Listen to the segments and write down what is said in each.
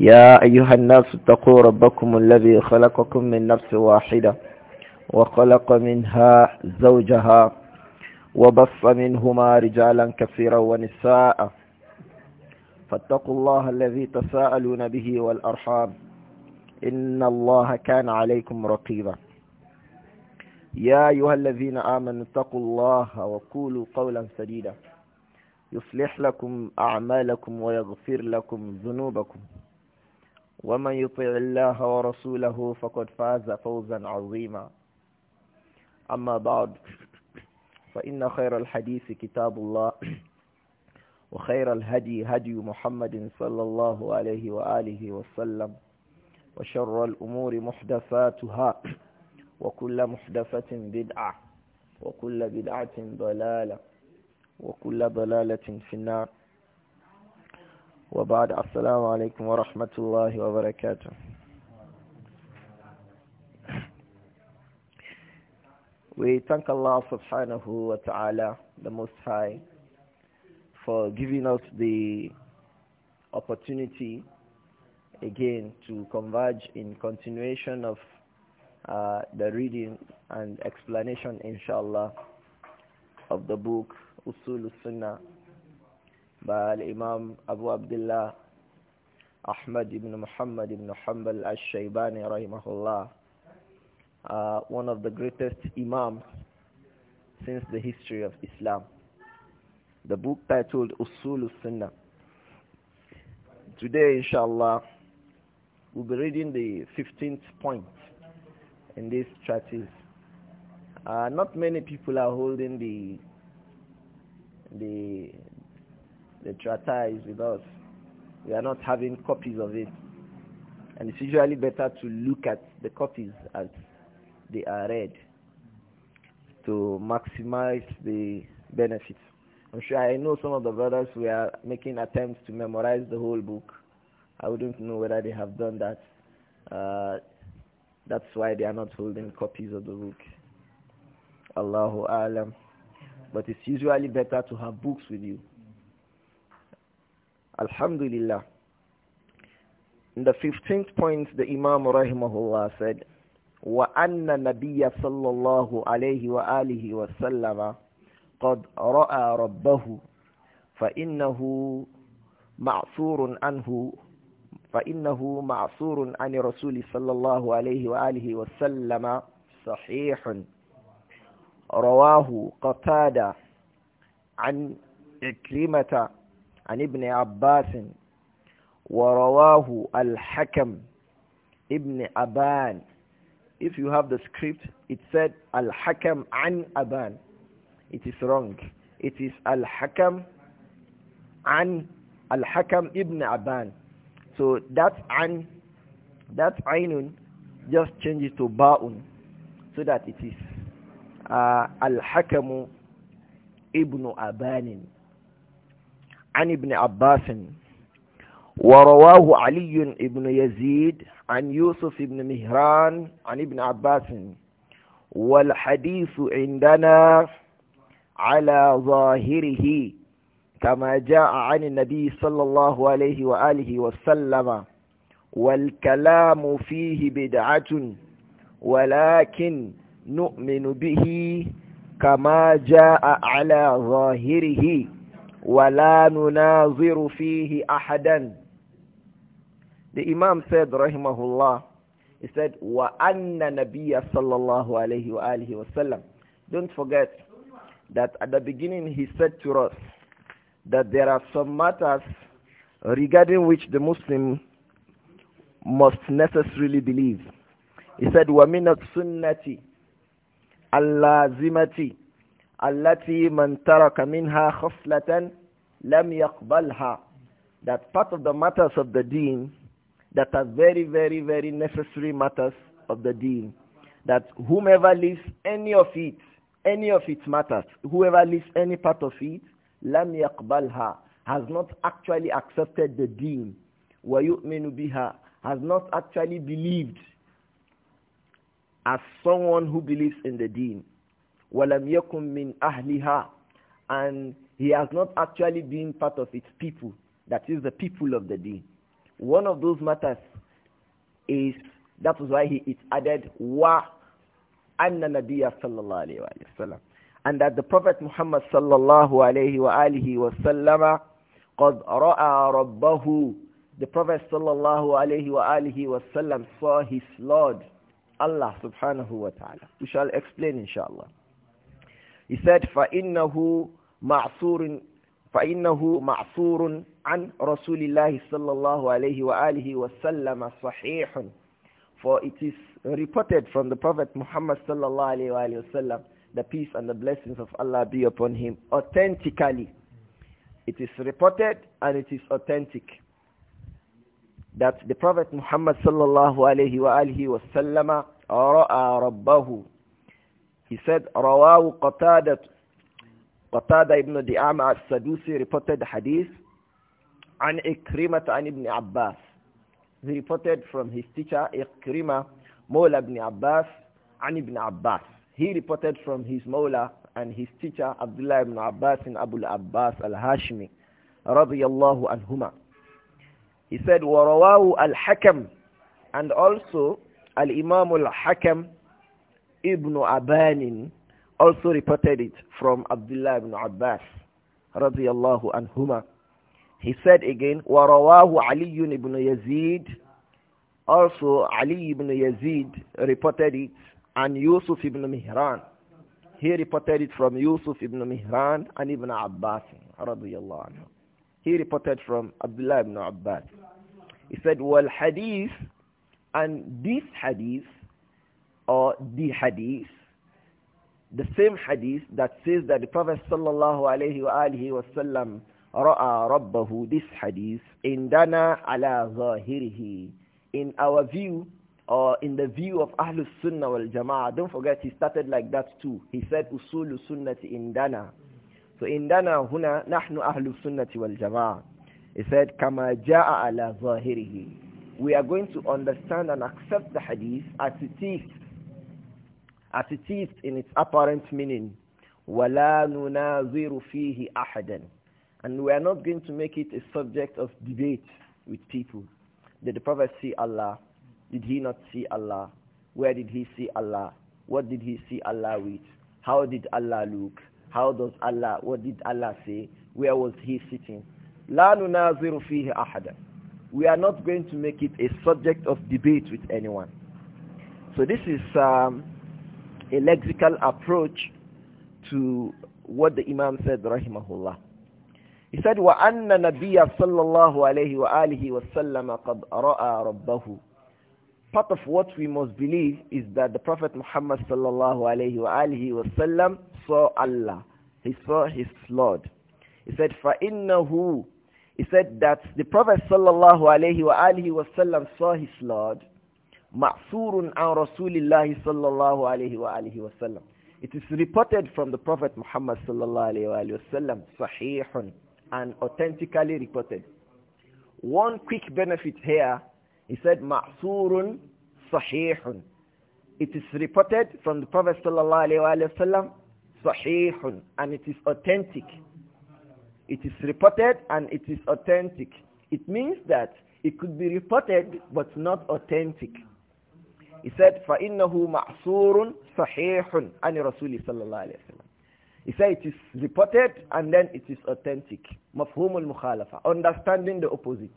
يا أيها الناس اتقوا ربكم الذي خلقكم من نفس واحدة وخلق منها زوجها وبص منهما رجالا كثيرا ونساء فاتقوا الله الذي تساءلون به والأرحام إن الله كان عليكم رقيبا يا أيها الذين آمنوا اتقوا الله وقولوا قولا سديدا يصلح لكم أعمالكم ويغفر لكم ذنوبكم ومن يطع الله ورسوله فقد فاز فوزا عظيما أما بعد فإن خير الحديث كتاب الله وخير الهدي هدي محمد صلى الله عليه وآله وسلم وشر الأمور محدثاتها وكل محدثة بدعة وكل بدعة ضلالة وكل ضلالة في النار وبعد السلام عليكم ورحمة الله وبركاته We thank Allah subhanahu wa ta'ala, the Most High, for giving us the opportunity again to converge in continuation of uh, the reading and explanation, inshallah, of the book Usul Sunnah by Imam Abu Abdullah Ahmad ibn Muhammad ibn Hanbal al-Shaybani rahimahullah, uh, one of the greatest imams since the history of Islam. The book titled Usul sunnah Today, inshallah, we'll be reading the 15th point in this treatise. Uh, not many people are holding the the the trata is with us. We are not having copies of it. And it's usually better to look at the copies as they are read to maximize the benefits. I'm sure I know some of the brothers who are making attempts to memorize the whole book. I wouldn't know whether they have done that. Uh, that's why they are not holding copies of the book. Allahu Alam. But it's usually better to have books with you. Alhamdulillah. In the 15th point, the Imam rahimahullah said, وأن النبي صلى الله عليه وآله وسلم قد رأى ربه فإنه معصور عنه فإنه معصور عن الرسول صلى الله عليه وآله وسلم صحيح رواه قتادة عن عكرمة عن ابن عباس ورواه الحكم ابن أبان if you have the script it said الحكم عن أبان it is wrong it is الحكم عن الحكم ابن أبان so that عن that عين just change it to باء so that it is uh, الحكم ابن أبان عن ابن عباس ورواه علي بن يزيد عن يوسف بن مهران عن ابن عباس والحديث عندنا على ظاهره كما جاء عن النبي صلى الله عليه وآله وسلم والكلام فيه بدعة ولكن نؤمن به كما جاء على ظاهره The Imam said, rahimahullah, he said, وَأَنَّ نَبِيَّ صَلَّى اللَّهُ عَلَيْهِ وَسَلَّمُ Don't forget that at the beginning he said to us that there are some matters regarding which the Muslim must necessarily believe. He said, وَمِنَ السُنَّةِ اللَّازِمَةِ التي من ترك منها خصلة لم يقبلها that part of the matters of the deen that are very very very necessary matters of the deen that whomever leaves any of it any of its matters whoever leaves any part of it لم يقبلها has not actually accepted the deen ويؤمن بها has not actually believed as someone who believes in the deen وَلَمْ يَكُمْ مِنْ Ahliha, And he has not actually been part of its people, that is the people of the deen. One of those matters is, that was why he it added, wa anna nabiyya sallallahu alayhi wa sallam. And that the Prophet Muhammad sallallahu alayhi wa alihi wa sallama قَدْ The Prophet sallallahu alayhi wa alihi wa sallam saw his Lord, Allah subhanahu wa ta'ala. We shall explain inshallah. He said, فَإِنَّهُ مَعْصُورٌ فإنه معصور عن رسول الله صلى الله عليه وآله وسلم صحيح for it is reported from the Prophet Muhammad صلى the peace and the blessings of Allah be upon him authentically it is reported and it is authentic that the Prophet Muhammad صلى الله عليه وآله he said, Rawahu Qatada, Qatada ibn Di'am al-Sadusi reported hadith, An an ibn Abbas. He reported from his teacher Ikrima, Mawla ibn Abbas, an ibn Abbas. He reported from his Mawla and his teacher Abdullah ibn Abbas and Abu abbas al-Hashmi, radiyallahu anhuma. He said, وَرَوَاهُ al-Hakim, And also, Al-Imam al hakim Ibn Abanin also reported it from Abdullah ibn Abbas radiyallahu anhuma. He said again, وَرَوَاهُ عَلِيٌّ ibn Yazid Also Ali ibn Yazid reported it and Yusuf ibn Mihran. He reported it from Yusuf ibn Mihran and Ibn Abbas radiyallahu anhu. He reported from Abdullah ibn Abbas. He said, "Well, hadith, and this hadith or the hadith, the same hadith that says that the Prophet sallallahu alaihi wa alihi wa ra'a rabbahu, this hadith, indana ala zahirihi. In our view, or in the view of Ahlus Sunnah wal Jama'ah, don't forget he started like that too. He said usulu sunnati indana. So indana huna nahnu Ahlus Sunnati wal Jama'ah. He said kama ja'a ala zahirihi. We are going to understand and accept the hadith as it is as it is in its apparent meaning وَلَا نُنَازِرُ فِيهِ أَحَدًا and we are not going to make it a subject of debate with people did the prophet see Allah did he not see Allah where did he see Allah what did he see Allah with how did Allah look how does Allah what did Allah say where was he sitting لا ننازر فيه أحدا we are not going to make it a subject of debate with anyone so this is um, a lexical approach to what the Imam said, rahimahullah. He said, وَأَنَّ نَبِيَّ صَلَّى اللَّهُ عَلَيْهِ وَآلِهِ وَسَلَّمَ قَدْ رَأَى رَبَّهُ Part of what we must believe is that the Prophet Muhammad sallallahu alayhi wa alihi wasallam saw Allah. He saw his Lord. He said, فَإِنَّهُ He said that the Prophet sallallahu alayhi wa alihi wasallam saw his Lord ma'surun an Rasulillahi sallallahu alayhi wa alihi wa sallam. It is reported from the Prophet Muhammad sallallahu alayhi wa sallam, sahihun, and authentically reported. One quick benefit here, he said ma'surun sahihun. It is reported from the Prophet sallallahu alayhi wa sallam, sahihun, and it is authentic. It is reported and it is authentic. It means that it could be reported but not authentic. He said, فَإِنَّهُ مَعْصُورٌ صَحِيحٌ عَنِ رَسُولِ صلى الله عليه وسلم. He said it is reported and then it is authentic. مفهوم المخالفة. Understanding the opposite.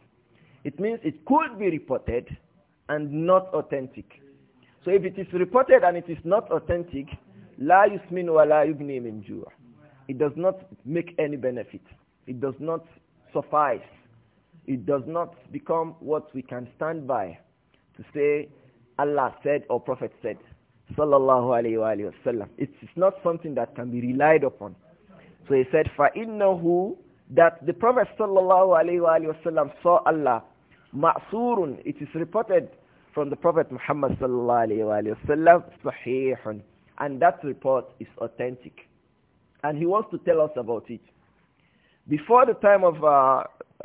It means it could be reported and not authentic. So if it is reported and it is not authentic, لا يسمن ولا يبني من جوع. It does not make any benefit. It does not suffice. It does not become what we can stand by to say Allah said or Prophet said. Sallallahu alayhi wa, alayhi wa sallam. It's, not something that can be relied upon. So he said, فَإِنَّهُ That the Prophet sallallahu alayhi wa, alayhi wa sallam saw Allah. Ma'surun. It is reported from the Prophet Muhammad sallallahu alayhi wa, alayhi wa sallam. Sahihun. And that report is authentic. And he wants to tell us about it. Before the time of uh,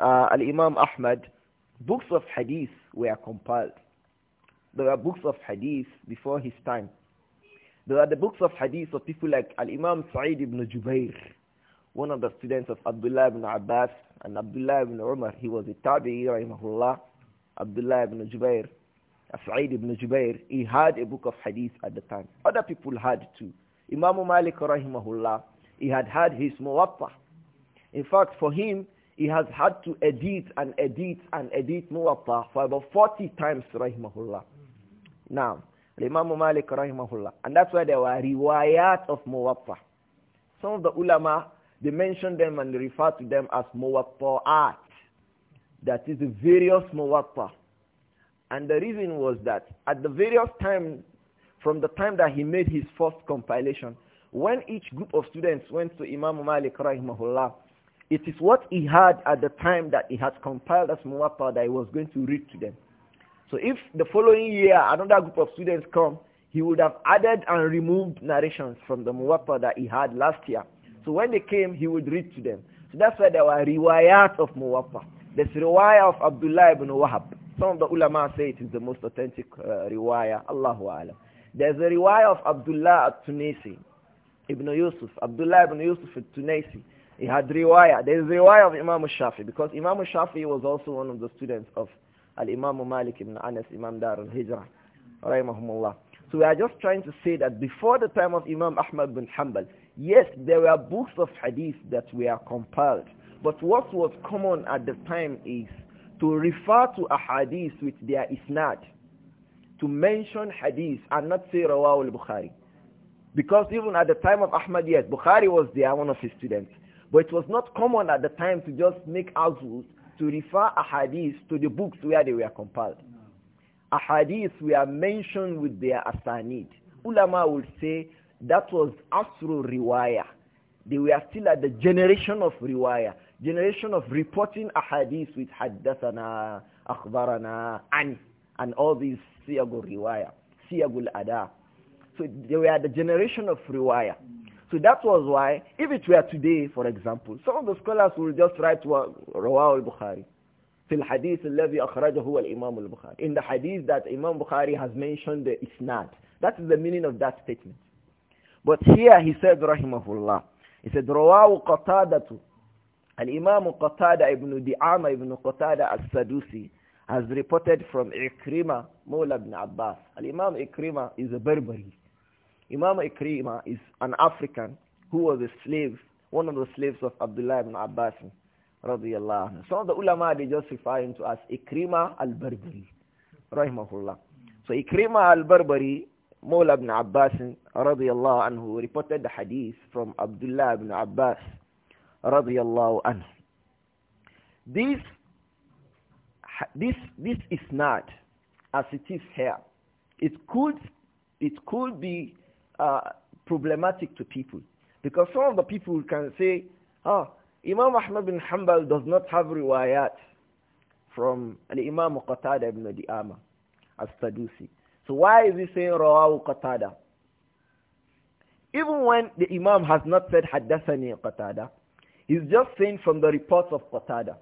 uh, Al-Imam Ahmad, books of hadith were compiled. There are books of hadith before his time. There are the books of hadith of people like Al-Imam Sa'id ibn Jubair, one of the students of Abdullah ibn Abbas and Abdullah ibn Umar. He was a tabi'i, rahimahullah, Abdullah ibn Jubair. Uh, Sa'id ibn Jubair, he had a book of hadith at the time. Other people had too. Imam Malik, rahimahullah, he had had his muwatta. In fact, for him, he has had to edit and edit and edit muwatta for about 40 times, rahimahullah. Now, Imam Malik rahimahullah. And that's why there were riwayat of muwatta. Some of the ulama, they mention them and they refer to them as muwatta'at. That is the various muwatta. And the reason was that at the various time, from the time that he made his first compilation, when each group of students went to Imam Malik rahimahullah, it is what he had at the time that he had compiled as muwatta that he was going to read to them. So if the following year another group of students come, he would have added and removed narrations from the Muwatta that he had last year. So when they came, he would read to them. So that's why there were riwayat of Muwatta. There's riwayah of Abdullah ibn Wahab. Some of the ulama say it is the most authentic uh, riwayah. Allahu Alam. There's a riwayah of Abdullah at tunisi Ibn Yusuf. Abdullah ibn Yusuf at tunisi He had riwayah. There's riwayah of Imam al-Shafi because Imam al-Shafi was also one of the students of Al-Imam Malik ibn Anas, Imam Dar al-Hijrah, rahimahumullah. So we are just trying to say that before the time of Imam Ahmad bin Hanbal, yes, there were books of hadith that were compiled. But what was common at the time is to refer to a hadith with their isnad, to mention hadith and not say Rawah al-Bukhari. Because even at the time of Ahmad, yes, Bukhari was there, one of his students. But it was not common at the time to just make rules to refer ahadith to the books where they were compiled. Ahadith were mentioned with their asanid. Ulama will say that was Asru Riwaya. They were still at the generation of Riwaya, generation of reporting ahadith with Haddathana, Akhbarana, Ani, and all these Siyagul Riwaya, Siyagul Ada. So they were the generation of Riwaya. So that was why, if it were today, for example, some of the scholars will just write Rawah al-Bukhari. في الحديث الذي أخرجه هو الإمام Bukhari. In the hadith that Imam Bukhari has mentioned the isnad. That is the meaning of that statement. But here he said, rahimahullah, he said, Imam قتادة الإمام قتادة ابن دعامة ابن قتادة السدوسي has reported from Ikrima, Mawla bin Abbas. Al-Imam Ikrima is a Berberi. Imam Ikrima is an African who was a slave, one of the slaves of Abdullah ibn Abbas. Radiallahu. Some of the ulama, they just refer him to as Ikrima al-Barbari. Rahimahullah. So Ikrima al-Barbari, Mawla ibn Abbas, radiallahu anhu, reported the hadith from Abdullah ibn Abbas, radiallahu anhu. This, this, this is not as it is here. It could, it could be uh, problematic to people. Because some of the people can say, ah, Imam Ahmad bin Hanbal does not have riwayat from Imam Qatada ibn Di'ama as tadusi." So why is he saying Rawahu Qatada? Even when the Imam has not said Haddathani Qatada, he's just saying from the reports of Qatada.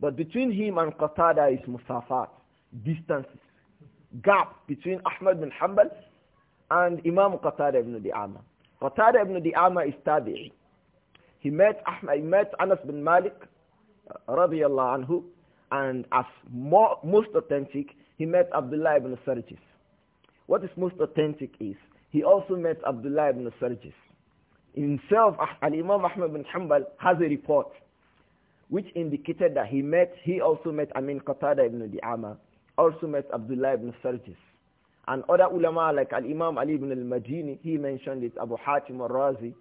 But between him and Qatada is musafat, distances, gap between Ahmad bin Hanbal and Imam Qatada ibn Di'ama. Qatada ibn Di'ama is tabi'i. He met, he met Anas bin Malik uh, radiallahu anhu and as more, most authentic, he met Abdullah ibn Sarjis. What is most authentic is, he also met Abdullah ibn Sarjis. Himself, Al-Imam Ahmad bin Hanbal has a report which indicated that he met, he also met Amin Qatada ibn Di'ama, also met Abdullah ibn Sarjis. And other ulama like Al-Imam Ali ibn al-Madini, he mentioned it, Abu Hatim al-Razi,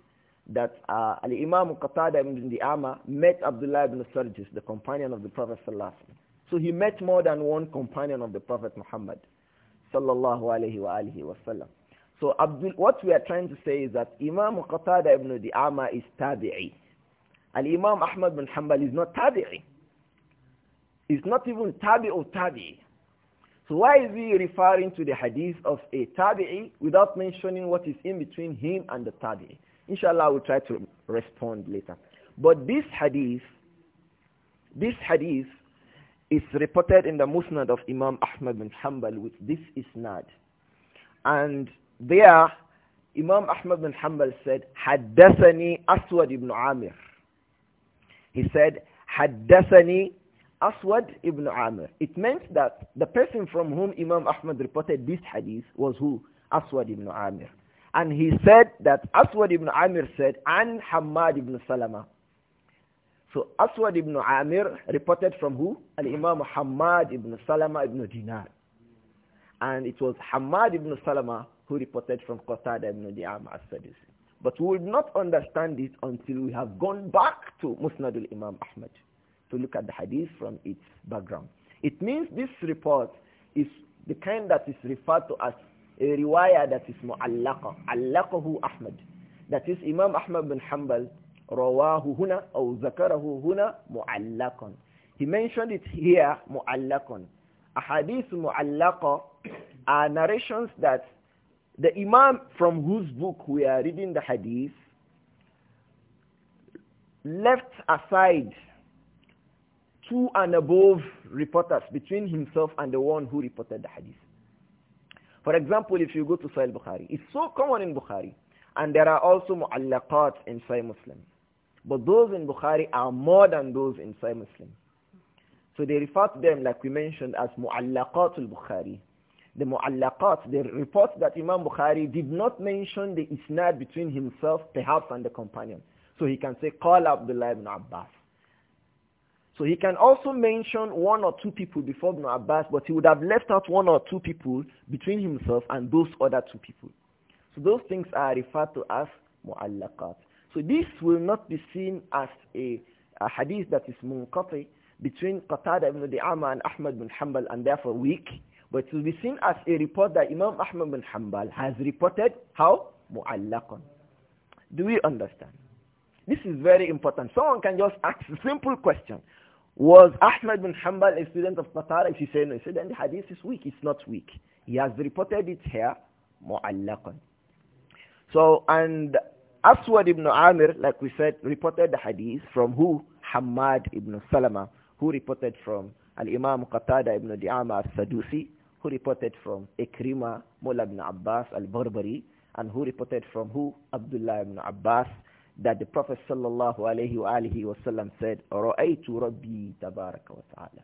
that uh, Al-Imam Qatada ibn al-Ama met Abdullah ibn Sarjis, the companion of the Prophet Sallallahu So he met more than one companion of the Prophet Muhammad Sallallahu wa alihi So Abdul, what we are trying to say is that Imam Qatada ibn al al-Ama is tabi'i. Al-Imam Ahmad bin Hanbal is not tabi'i. It's not even tabi or so why is he referring to the hadith of a tabi'i without mentioning what is in between him and the tabi'i? Inshallah, we'll try to respond later. But this hadith, this hadith is reported in the Musnad of Imam Ahmad bin Hanbal with this isnad. And there, Imam Ahmad bin Hanbal said, حدثني أسود ibn Amir. He said, حدثني Aswad ibn Amr. It meant that the person from whom Imam Ahmad reported this hadith was who? Aswad ibn Amr. And he said that Aswad ibn Amir said, and Hamad ibn Salama. So Aswad ibn Amir reported from who? Al-Imam Hamad ibn Salama ibn Dinar. And it was Hamad ibn Salama who reported from Qatada ibn Di'am said sadisi But we will not understand it until we have gone back to Musnad al-Imam Ahmad to look at the hadith from its background. It means this report is the kind that is referred to as a riwayah that is mu'allaqa. Allaqahu Ahmad. That is Imam Ahmad bin Hanbal rawahu huna or zakarahu huna mu'allaqan. He mentioned it here mu'allaqan. hadith mu'allaqa are narrations that the Imam from whose book we are reading the hadith left aside two and above reporters between himself and the one who reported the hadith. For example, if you go to Sahih Bukhari, it's so common in Bukhari. And there are also mu'allaqat in Sahih Muslim. But those in Bukhari are more than those in Sahih Muslim. So they refer to them, like we mentioned, as mu'allaqat al-Bukhari. The mu'allaqat, the reports that Imam Bukhari did not mention the isnad between himself, perhaps, and the companion. So he can say, Qala Abdullah ibn Abbas. So he can also mention one or two people before Ibn Abbas, but he would have left out one or two people between himself and those other two people. So those things are referred to as mu'allaqat. So this will not be seen as a, a hadith that is munqati between Qatada ibn Di'ama and Ahmad bin Hanbal and therefore weak, but it will be seen as a report that Imam Ahmad bin Hanbal has reported how? Mu'allaqan. Do we understand? This is very important. Someone can just ask a simple question. Was Ahmad bin Hanbal a student of Qatada? If you said no, he said then the hadith is weak. It's not weak. He has reported it here, mu'allaqan. So, and Aswad ibn Amir, like we said, reported the hadith from who? Hamad ibn Salama, who reported from Al-Imam Qatada ibn Di'ama al-Sadusi, who reported from Ikrima, Mullah ibn Abbas al-Barbari, and who reported from who? Abdullah ibn Abbas that the Prophet sallallahu alayhi wa alihi sallam said, Ra'aytu Rabbi tabaraka wa ta'ala.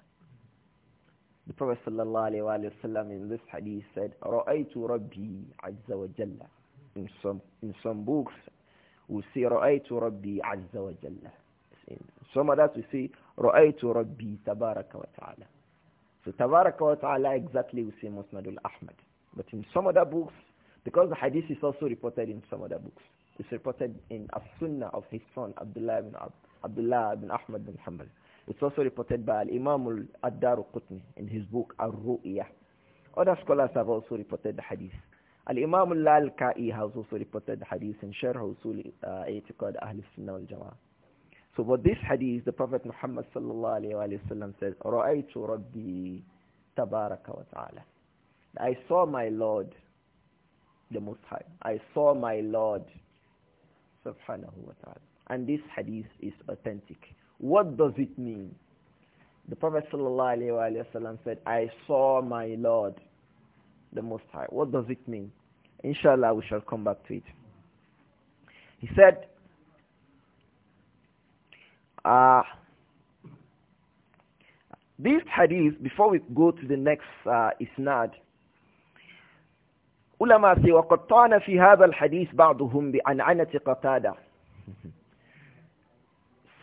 The Prophet sallallahu alayhi wa wa sallam in this hadith said, Ra'aytu Rabbi azza wa jalla. In some, in some books, we say, Ra'aytu Rabbi azza wa jalla. In some of that we say, Ra'aytu Rabbi tabaraka wa ta'ala. So tabaraka wa ta'ala exactly we say Musnadul ahmad But in some of the books, because the hadith is also reported in some of the books, It's reported in As-Sunnah of his son, Abdullah ibn, Abdullah ibn Ahmad bin Hanbal. It's also reported by Al-Imam al Qutni in his book Al-Ru'iyah. Other scholars have also reported the hadith. Al-Imam Al-Kai has also reported the hadith in Sharh Usul uh, I'tiqad Ahl Sunnah wal Jama'ah. So what this hadith, the Prophet Muhammad sallallahu alayhi wa sallam says, رَأَيْتُ رَبِّي تَبَارَكَ وَتَعَالَى I saw my Lord, the Most High. I saw my Lord, subhanahu wa ta'ala. And this hadith is authentic. What does it mean? The Prophet wasallam said, I saw my Lord, the Most High. What does it mean? Inshallah, we shall come back to it. He said, uh, this hadith, before we go to the next uh, isnad, Ulama say, وَقَدْ طَعَنَ فِي هَذَا الْحَدِيثِ بَعْضُهُمْ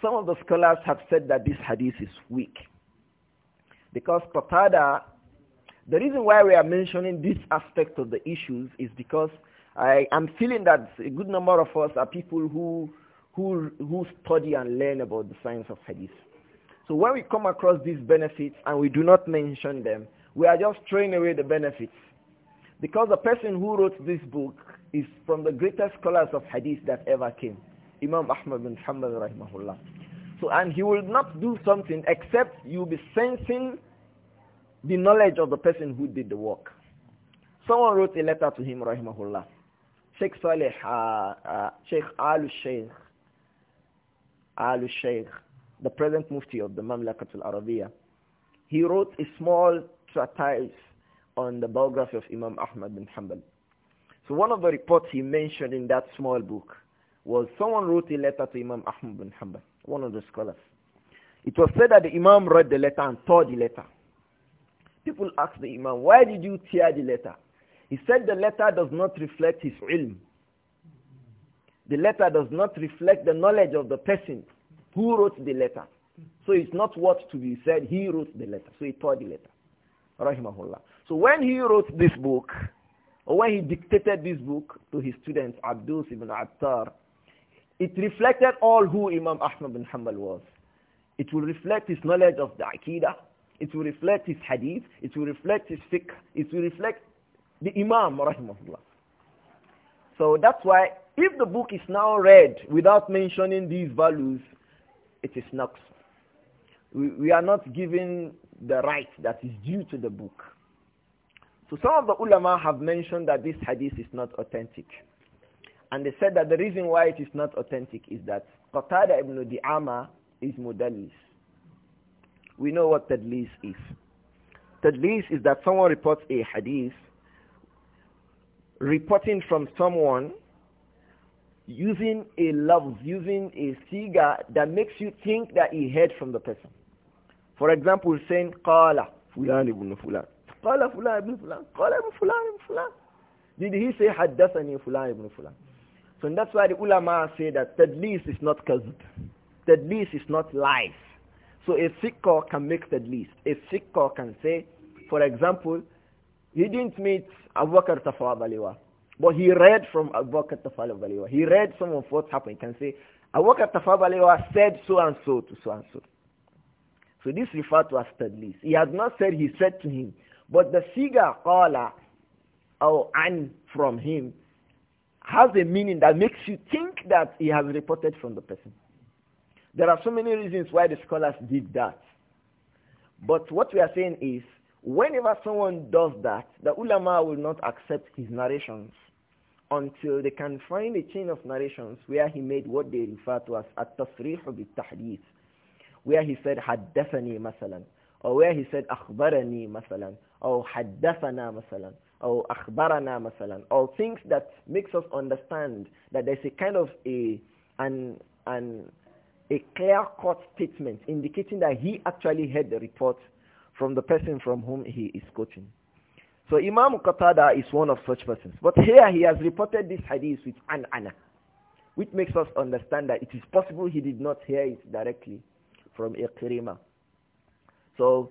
Some of the scholars have said that this hadith is weak. Because Qatada, the reason why we are mentioning this aspect of the issues is because I am feeling that a good number of us are people who, who, who study and learn about the science of hadith. So when we come across these benefits and we do not mention them, we are just throwing away the benefits. Because the person who wrote this book is from the greatest scholars of hadith that ever came, Imam Ahmad bin Hanbal rahimahullah. So, and he will not do something except you be sensing the knowledge of the person who did the work. Someone wrote a letter to him, rahimahullah. Sheikh Saleh, uh, uh, Sheikh Al-Sheikh, Al-Sheikh, the present mufti of the Mamlakat al Arabiya. he wrote a small treatise on the biography of Imam Ahmad bin Hanbal. So one of the reports he mentioned in that small book was someone wrote a letter to Imam Ahmad bin Hanbal, one of the scholars. It was said that the Imam read the letter and tore the letter. People asked the Imam, why did you tear the letter? He said the letter does not reflect his ilm. The letter does not reflect the knowledge of the person who wrote the letter. So it's not what to be said, he wrote the letter. So he tore the letter. Rahimahullah. So when he wrote this book, or when he dictated this book to his students, Abdus ibn Attar, it reflected all who Imam Ahmad bin Hanbal was. It will reflect his knowledge of the Aqidah. It will reflect his hadith. It will reflect his fiqh. It will reflect the Imam, rahimahullah. So that's why if the book is now read without mentioning these values, it is naqs. We, we are not giving the right that is due to the book. So some of the ulama have mentioned that this hadith is not authentic. And they said that the reason why it is not authentic is that Qatada ibn Di'ama is mudallis. We know what tadlis is. Tadlis is that someone reports a hadith, reporting from someone using a love, using a siga that makes you think that he heard from the person. For example, saying, قَالَ فُلَانِ ibn فُلَانِ قال فلان ابن فلان قال ابن فلان ابن فلان did he say haddathani fulan fula? fulan so that's why the ulama say that tadlis is not kazb tadlis is not lies so a sicker can make tadlis a sicker can say for example he didn't meet Abu Bakr Tafawabaliwa but he read from Abu Bakr Tafawabaliwa he read some of what happened he can say Abu Bakr Tafawabaliwa said so and so to so and so so this referred to as tadlis he has not said he said to him but the figure qala or an from him has a meaning that makes you think that he has reported from the person. There are so many reasons why the scholars did that. But what we are saying is, whenever someone does that, the ulama will not accept his narrations until they can find a chain of narrations where he made what they refer to as at-tasrih bit-tahdith, where he said, haddathani masalan or where he said أخبرني مثلا or حدثنا مثلا or أخبرنا مثلا or things that makes us understand that there's a kind of a an an a clear-cut statement indicating that he actually heard the report from the person from whom he is quoting. So Imam Qatada is one of such persons. But here he has reported this hadith with an ana, which makes us understand that it is possible he did not hear it directly from Iqrimah. So,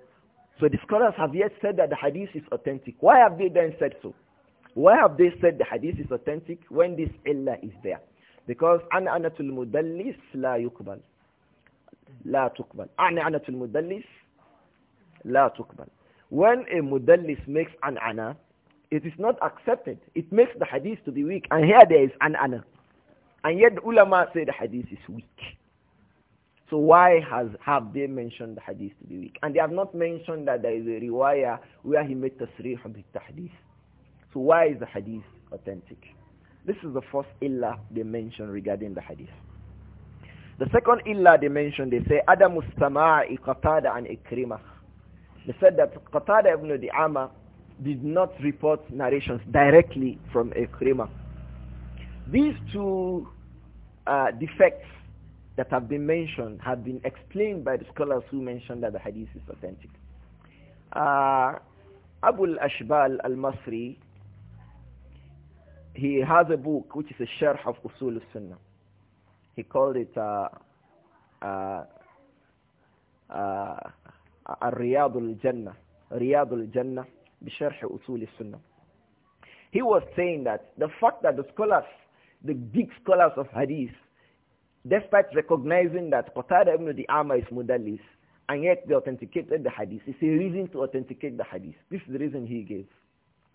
so the scholars have yet said that the hadith is authentic. Why have they then said so? Why have they said the hadith is authentic when this illa is there? Because an'anatul mudallis la yukbal. La tukbal. An'anatul mudallis la tukbal. When a mudallis makes ana, it is not accepted. It makes the hadith to be weak. And here there is ana. And yet the ulama say the hadith is weak. So why has have they mentioned the hadith to be weak? And they have not mentioned that there is a riwaya where he made tasrih with hadith. So why is the hadith authentic? This is the first illa they mention regarding the hadith. The second illa they mention, they say Adam sama'i Qatada and Ikrimah. They said that Qatada ibn Di'ama did not report narrations directly from Ikrimah. These two uh, defects that have been mentioned have been explained by the scholars who mentioned that the hadith is authentic. Uh, Abu al-Ashbal al-Masri, he has a book which is a sharh of Usul al-Sunnah. He called it uh, uh, uh, الرياض Jannah رياض الجنة بشرح al Sunnah. he was saying that the fact that the scholars the big scholars of hadith despite recognizing that Qatada ibn Di'ama is modernist, and yet they authenticated the hadith. It's a reason to authenticate the hadith. This is the reason he gave.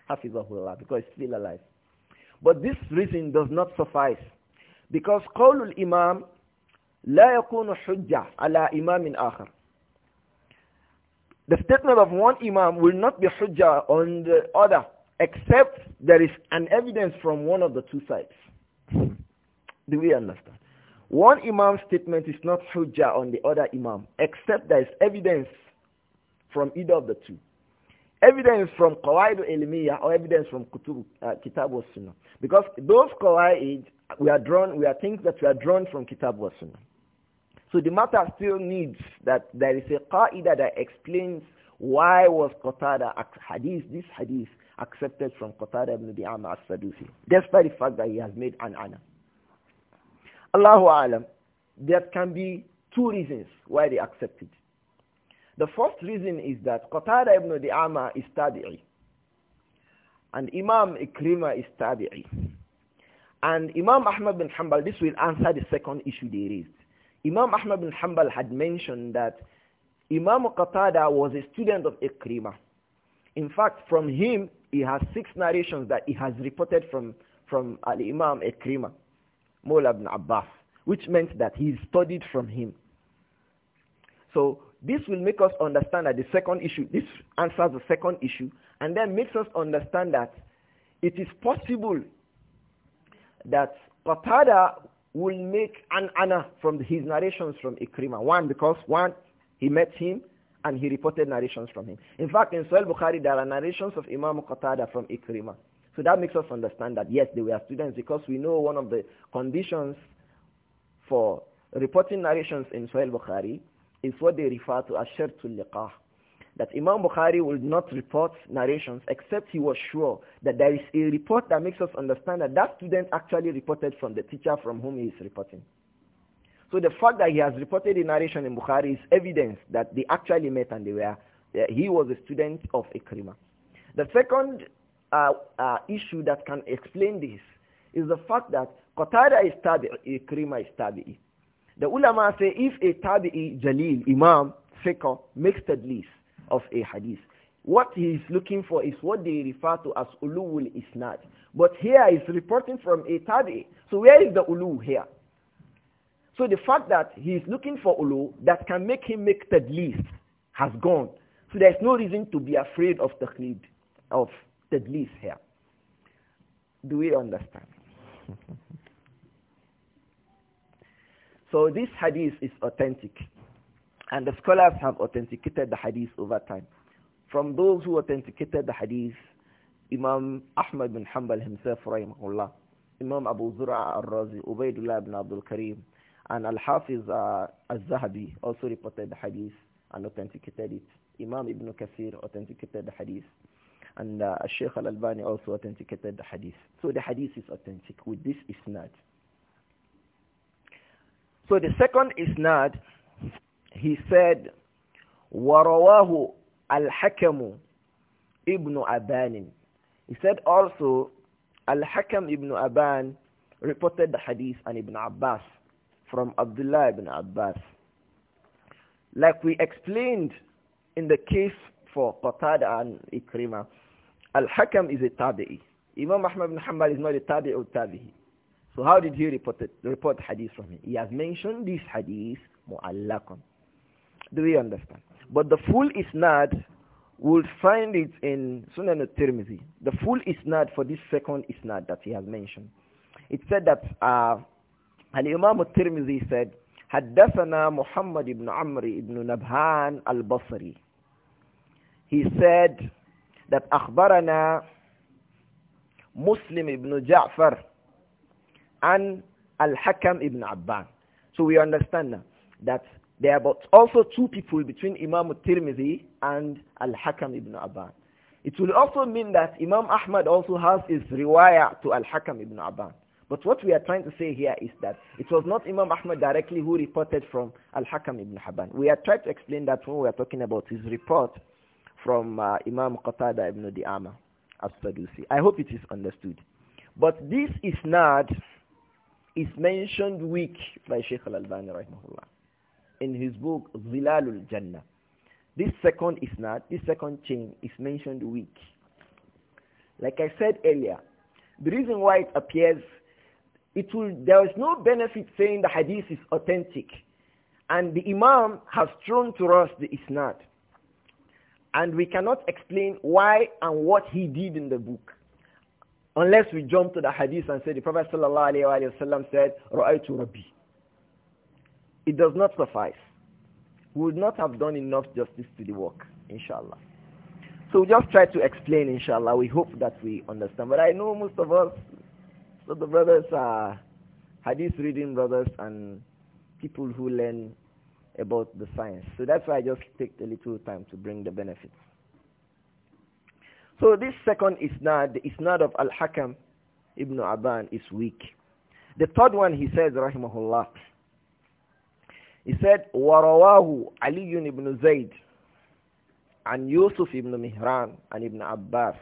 Hafizahullah, because he's still alive. But this reason does not suffice. Because قول الإمام لا يكون حجة على إمام آخر. The statement of one imam will not be hujjah on the other except there is an evidence from one of the two sides. Do we understand? One imam's statement is not hujjah on the other imam, except there is evidence from either of the two. Evidence from Qawaid al or evidence from Kutub, uh, Kitab Sunnah. Because those Qawaid, we are drawn, we are things that we are drawn from Kitab Sunnah. So the matter still needs that there is a Qaida that explains why was Qatada hadith, this hadith, accepted from Qatada ibn Bi'ama as-Sadusi, despite the fact that he has made an ana. Allahu Alam, there can be two reasons why they accept it. The first reason is that Qatada ibn Di'ama is tabi'i. And Imam Ikrima is tabi'i. And Imam Ahmad bin Hanbal, this will answer the second issue they raised. Imam Ahmad bin Hanbal had mentioned that Imam Qatada was a student of Ikrima. In fact, from him, he has six narrations that he has reported from, from Al-Imam Ikrima. Mawla ibn Abbas, which meant that he studied from him. So this will make us understand that the second issue, this answers the second issue, and then makes us understand that it is possible that Qatada will make an ana from his narrations from Ikrima. One, because one, he met him and he reported narrations from him. In fact, in Sahih Bukhari, there are narrations of Imam Qatada from Ikrimah. So that makes us understand that yes, they were students because we know one of the conditions for reporting narrations in Sahih Bukhari is what they refer to as shartul liqah. That Imam Bukhari will not report narrations except he was sure that there is a report that makes us understand that that student actually reported from the teacher from whom he is reporting. So the fact that he has reported a narration in Bukhari is evidence that they actually met and they were, eh, he was a student of Ikrimah. The second uh, uh, issue that can explain this is the fact that Qatada is tabi'i, Ikrima is tabi'i. The ulama say if a tabi'i, Jalil, Imam, Fiqh makes list of a hadith, what he is looking for is what they refer to as uluwul isnad. But here is reporting from a tabi'i. So where is the ulu here? So the fact that he is looking for ulu that can make him make list has gone. So there is no reason to be afraid of taqlid, of tadlis here. Do we understand? so this hadith is authentic. And the scholars have authenticated the hadith over time. From those who authenticated the hadith, Imam Ahmad bin Hanbal himself, rahimahullah, Imam Abu Zura al-Razi, Ubaidullah ibn Abdul Karim, and Al-Hafiz uh, al-Zahabi also reported the hadith and authenticated it. Imam Ibn Kathir authenticated the hadith. And uh, Sheikh Al-Albani also authenticated the hadith. So the hadith is authentic with this isnad. So the second isnad, he said, وَرَوَاهُ الْحَكَمُ ibn Aban. He said also, Al-Hakam ibn Aban reported the hadith and Ibn Abbas from Abdullah ibn Abbas. Like we explained in the case for Qatada and Ikrima, Al-Hakam is a tabi'i. Imam Ahmad bin Hanbal is not a tabi'i or tabi'i. So how did he report, it, report hadith from him? He has mentioned this hadith mu'allakun. Do we understand? But the full isnad will find it in Sunan al-Tirmidhi. The full isnad for this second isnad that he has mentioned. It said that uh, Al-Imam al-Tirmidhi said, Muhammad محمد بن عمرو Nabhan al البصري. He said, that أخبرنا مسلم ibn Ja'far and Al-Hakam ibn Abban. So we understand now that there are but also two people between Imam al-Tirmidhi and Al-Hakam ibn Abban. It will also mean that Imam Ahmad also has his riwaya to Al-Hakam ibn Abban. But what we are trying to say here is that it was not Imam Ahmad directly who reported from Al-Hakam ibn Abban. We are trying to explain that when we are talking about his report from uh, Imam Qatada ibn Di'ama as sadusi I hope it is understood. But this is not is mentioned weak by Sheikh al-Albani rahimahullah in his book Zilalul Jannah. This second is not. this second chain is mentioned weak. Like I said earlier, the reason why it appears, it will, there is no benefit saying the hadith is authentic. And the Imam has thrown to us the isnad and we cannot explain why and what he did in the book. Unless we jump to the hadith and say the Prophet ﷺ said, Ra'aytu Rabbi. It does not suffice. We would not have done enough justice to the work, inshallah. So we just try to explain, inshallah. We hope that we understand. But I know most of us, so the brothers are hadith reading brothers and people who learn about the science. So that's why I just take a little time to bring the benefits. So this second isnad, the isnad of Al-Hakam Ibn Aban is weak. The third one he says, rahimahullah, he said, وَرَوَاهُ عَلِيٌّ ibn Zayd and Yusuf ibn Mihran and Ibn Abbas.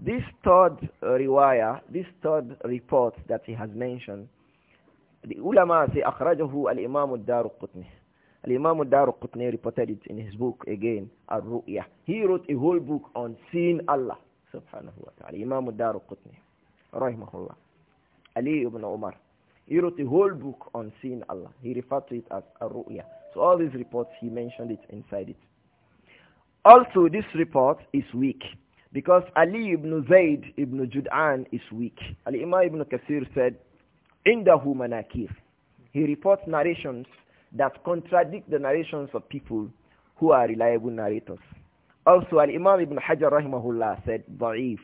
This third riwaya, this third report that he has mentioned, the ulama say, أخرجه الإمام الدار قطني. Al-Imam reported it in his book again, Al-Ru'ya. He wrote a whole book on seeing Allah, subhanahu wa ta'ala. Imam Daruqutni, rahimahullah. Ali ibn Umar. He wrote a whole book on seeing Allah. He referred to it as Al-Ru'ya. So all these reports, he mentioned it inside it. Also, this report is weak because Ali ibn Zayd ibn Jud'an is weak. Ali Imam ibn Kasir said, Indahu manakir. He reports narrations that contradict the narrations of people who are reliable narrators. Also, Al-Imam Ibn Hajar rahimahullah said, ضعيف,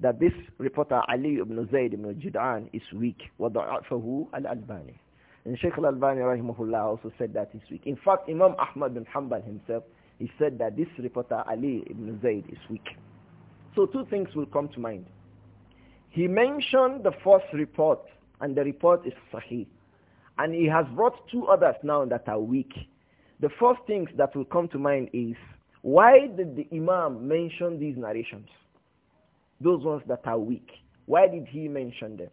that this reporter Ali ibn Zayd ibn Jud'an is weak. وَضَعَفَهُ al-Albani. And Sheikh al-Albani rahimahullah also said that he's weak. In fact, Imam Ahmad ibn Hanbal himself, he said that this reporter Ali ibn Zayd is weak. So two things will come to mind. He mentioned the first report, and the report is sahih. And he has brought two others now that are weak. The first thing that will come to mind is, why did the Imam mention these narrations? Those ones that are weak. Why did he mention them?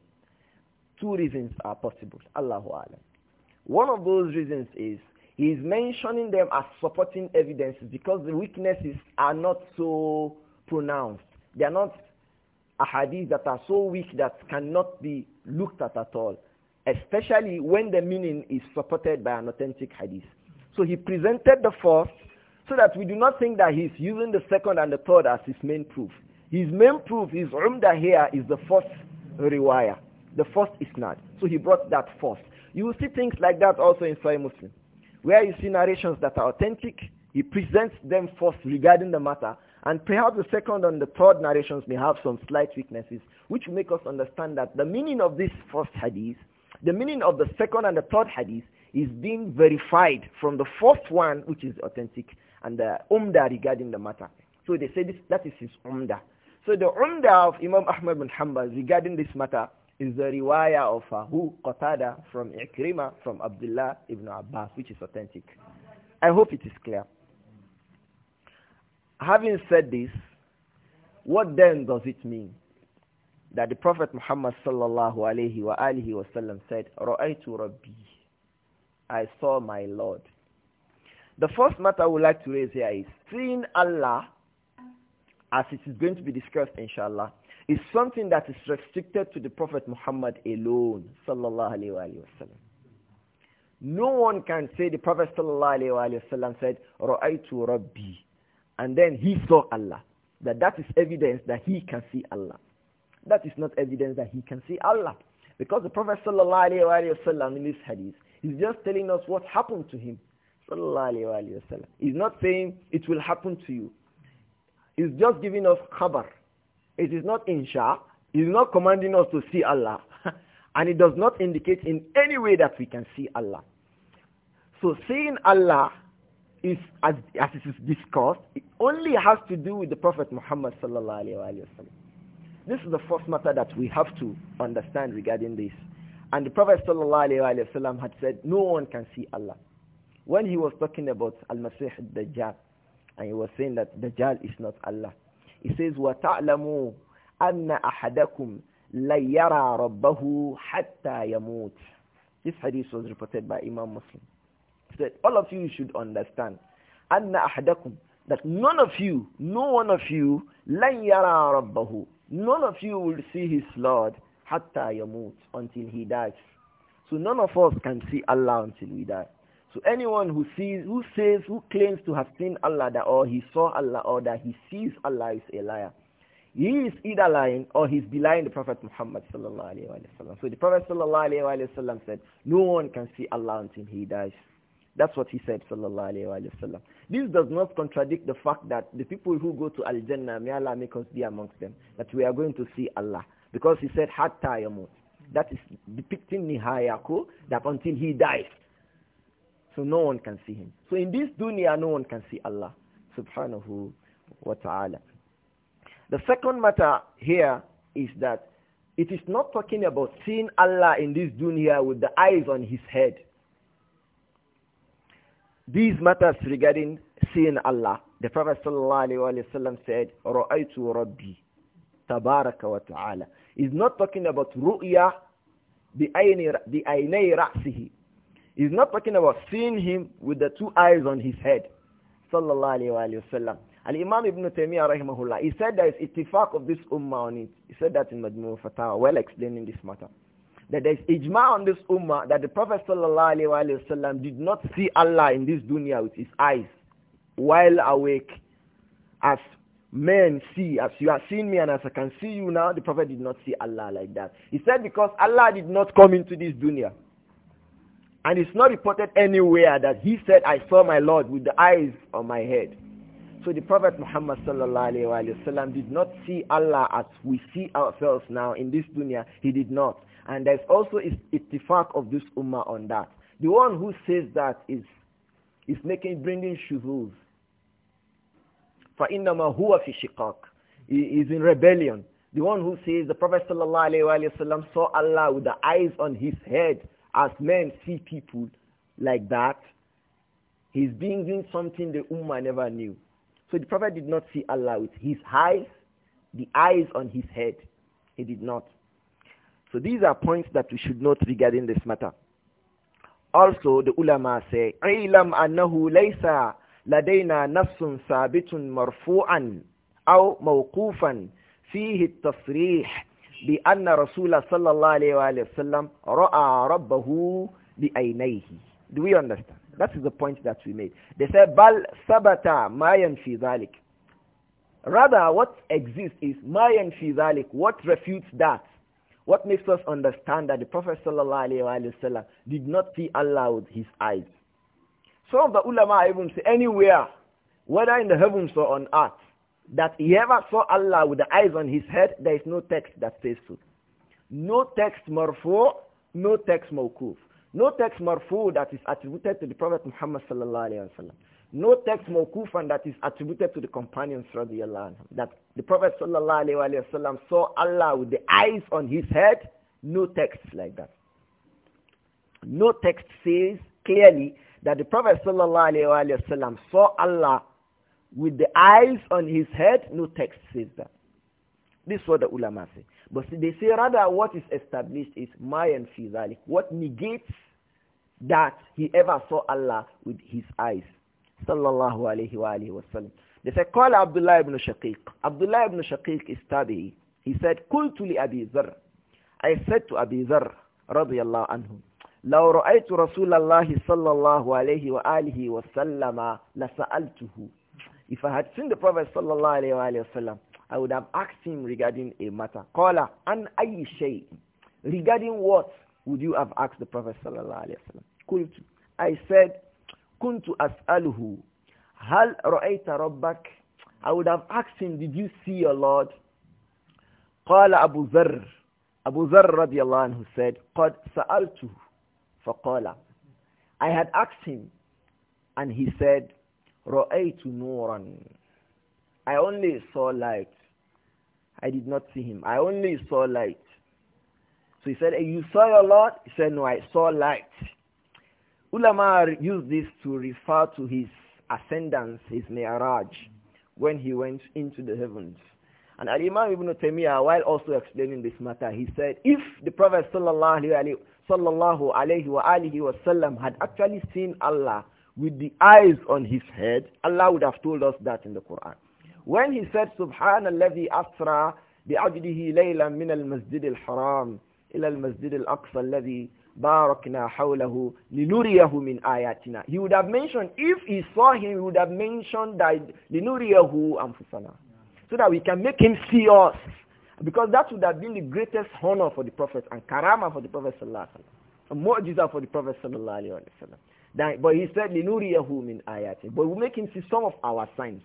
Two reasons are possible. Allahu Alam. One of those reasons is he is mentioning them as supporting evidences because the weaknesses are not so pronounced. They are not hadith that are so weak that cannot be looked at at all especially when the meaning is supported by an authentic hadith. So he presented the first so that we do not think that he's using the second and the third as his main proof. His main proof, his umda here is the first riwayah, the first is not. So he brought that first. You will see things like that also in Sahih Muslim, where you see narrations that are authentic. He presents them first regarding the matter, and perhaps the second and the third narrations may have some slight weaknesses, which make us understand that the meaning of this first hadith the meaning of the second and the third hadith is being verified from the first one, which is authentic, and the umda regarding the matter. So they say this, that is his umda. So the umda of Imam Ahmad bin Hanbal regarding this matter is the riwayah of uh, who Qatada from Ikrima from Abdullah ibn Abbas, which is authentic. I hope it is clear. Having said this, what then does it mean? that the Prophet Muhammad sallallahu alayhi wa alihi wasallam said, Ra'aytu Rabbi. I saw my Lord. The first matter I would like to raise here is seeing Allah, as it is going to be discussed inshallah, is something that is restricted to the Prophet Muhammad alone sallallahu alayhi wa sallam. No one can say the Prophet sallallahu alayhi wa sallam said, Ra'aytu Rabbi. And then he saw Allah. That that is evidence that he can see Allah. That is not evidence that he can see Allah. Because the Prophet ﷺ in this hadith is just telling us what happened to him. He's not saying it will happen to you. He's just giving us khabar. It is not insha. He's not commanding us to see Allah. and it does not indicate in any way that we can see Allah. So seeing Allah is, as, as it is discussed, it only has to do with the Prophet Muhammad sallallahu alayhi wa sallam. This is the first matter that we have to understand regarding this. And the Prophet ﷺ had said, no one can see Allah. When he was talking about Al-Masih Dajjal, and he was saying that Dajjal is not Allah. He says, وَتَعْلَمُوا أَنَّ أَحَدَكُمْ لَيَرَى رَبَّهُ حَتَّى يَمُوتِ This hadith was reported by Imam Muslim. He said, all of you should understand, أَنَّ أَحَدَكُمْ That none of you, no one of you, la yara رَبَّهُ None of you will see his Lord hatta yamut until he dies. So none of us can see Allah until we die. So anyone who sees, who says, who claims to have seen Allah that, or he saw Allah or that he sees Allah is a liar. He is either lying or he's belying the Prophet Muhammad sallallahu alayhi wa So the Prophet sallallahu alayhi wa said, no one can see Allah until he dies. That's what he said, sallallahu alayhi wa This does not contradict the fact that the people who go to Al-Jannah, may Allah make us be amongst them, that we are going to see Allah. Because he said, hatta yamut. That is depicting Nihayaku, that until he dies. So no one can see him. So in this dunya, no one can see Allah, subhanahu wa ta'ala. The second matter here is that it is not talking about seeing Allah in this dunya with the eyes on his head. These matters regarding seeing Allah, the Prophet ﷺ said, رَأَيْتُ رَبِّي تَبَارَكَ taala." He's not talking about ru'ya بِأَيْنَيْ رَأْسِهِ He's not talking about seeing him with the two eyes on his head. Sallallahu alayhi wasallam. Al-Imam Ibn Taymiyyah rahimahullah, he said there is ittifaq of this ummah on it. He said that in Majmu' Fatah, well explaining this matter that there is ijma on this ummah that the Prophet wasallam did not see Allah in this dunya with his eyes while awake as men see, as you are seeing me and as I can see you now, the Prophet did not see Allah like that. He said because Allah did not come into this dunya. And it's not reported anywhere that he said, I saw my Lord with the eyes on my head. So the Prophet Muhammad sallallahu did not see Allah as we see ourselves now in this dunya. He did not. And there's also ittifaq of this ummah on that. The one who says that is, is making, bringing shuzuz. فَإِنَّمَا هُوَ فِي شِقَاقٍ He is in rebellion. The one who says the Prophet wasallam saw Allah with the eyes on his head as men see people like that, he's bringing something the Ummah never knew. So the Prophet did not see Allah with his eyes, the eyes on his head. He did not. So these are points that we should note regarding this matter. Also, the ulama say, "Ilam annahu laysa لدينا نص ثابت مرفوعا أو موقوفا فيه التصريح بأن رسول صلى الله عليه وآله وسلم رأى ربه بأينيه Do we understand? That is the point that we made. They said, بل ثبت ما ينفي ذلك. Rather, what exists is ما ينفي ذلك. What refutes that? What makes us understand that the Prophet ﷺ did not see Allah with his eyes? Some of the ulama even say anywhere, whether in the heavens or on earth, that he ever saw Allah with the eyes on his head, there is no text that says so. No text marfu, no text mawkuf. No text marfu that is attributed to the Prophet Muhammad sallallahu alayhi wa sallam. No text mawkufan that is attributed to the companions the anhum. That the Prophet sallallahu wasallam saw Allah with the eyes on his head. No text like that. No text says clearly that the Prophet sallallahu wasallam saw Allah with the eyes on his head. No text says that. This is what the ulama say. But they say rather what is established is mayan fi What negates that he ever saw Allah with his eyes sallallahu alayhi wa alayhi wa sallam. They said, call Abdullah ibn Shaqiq. Abdullah ibn Shaqiq is tabi'i. He said, قلت لأبي ذر. I said to Abi Dharr, رضي الله عنه, لو رأيت رسول الله صلى الله عليه وآله وسلم لسألته. If I had seen the Prophet صلى الله عليه وآله وسلم, I would have asked him regarding a matter. قال عن أي شيء. Regarding what would you have asked the Prophet صلى الله عليه وسلم? قلت I said كنت أسأله هل رأيت ربك I would have asked him did you see your Lord قال أبو ذر أبو ذر رضي الله عنه said قد سألته فقال I had asked him and he said رأيت نورا I only saw light I did not see him I only saw light so he said hey, eh, you saw your Lord he said no I saw light Ulama used this to refer to his ascendance, his mi'raj, when he went into the heavens. And Al-Imam Ibn Taymiyyah, while also explaining this matter, he said, if the Prophet sallallahu alayhi wa wasallam had actually seen Allah with the eyes on his head, Allah would have told us that in the Quran. When he said, Subhanallah asra bi'abdihi laylan min al-masjid al-haram ila al-masjid al barakna hawlahu linuriyahu min ayatina. He would have mentioned, if he saw him, he would have mentioned that linuriyahu anfusana. So that we can make him see us. Because that would have been the greatest honor for the Prophet and karama for the Prophet sallallahu alaihi wasallam. Mu'jiza for the Prophet sallallahu alaihi wasallam. but he said linuriyahu min ayatina. But we make him see some of our signs.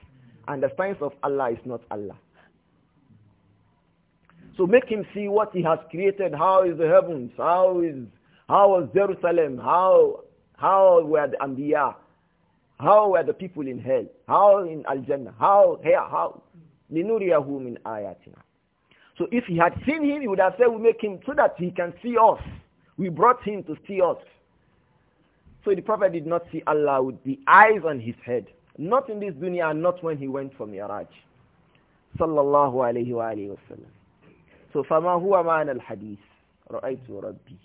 And the signs of Allah is not Allah. So make him see what he has created, how is the heavens, how is how was Jerusalem? How, how were the Anbiya? How were the people in hell? How in Al-Jannah? How here? How? لِنُرِيَهُ مِنْ So if he had seen him, he would have said, we make him so that he can see us. We brought him to see us. So the prophet did not see Allah with the eyes on his head. Not in this dunya and not when he went for Miraj. Sallallahu alayhi wa alayhi wa sallam. So فَمَا هُوَ مَعَنَا الْحَدِيثِ رَأَيْتُ رَبِّي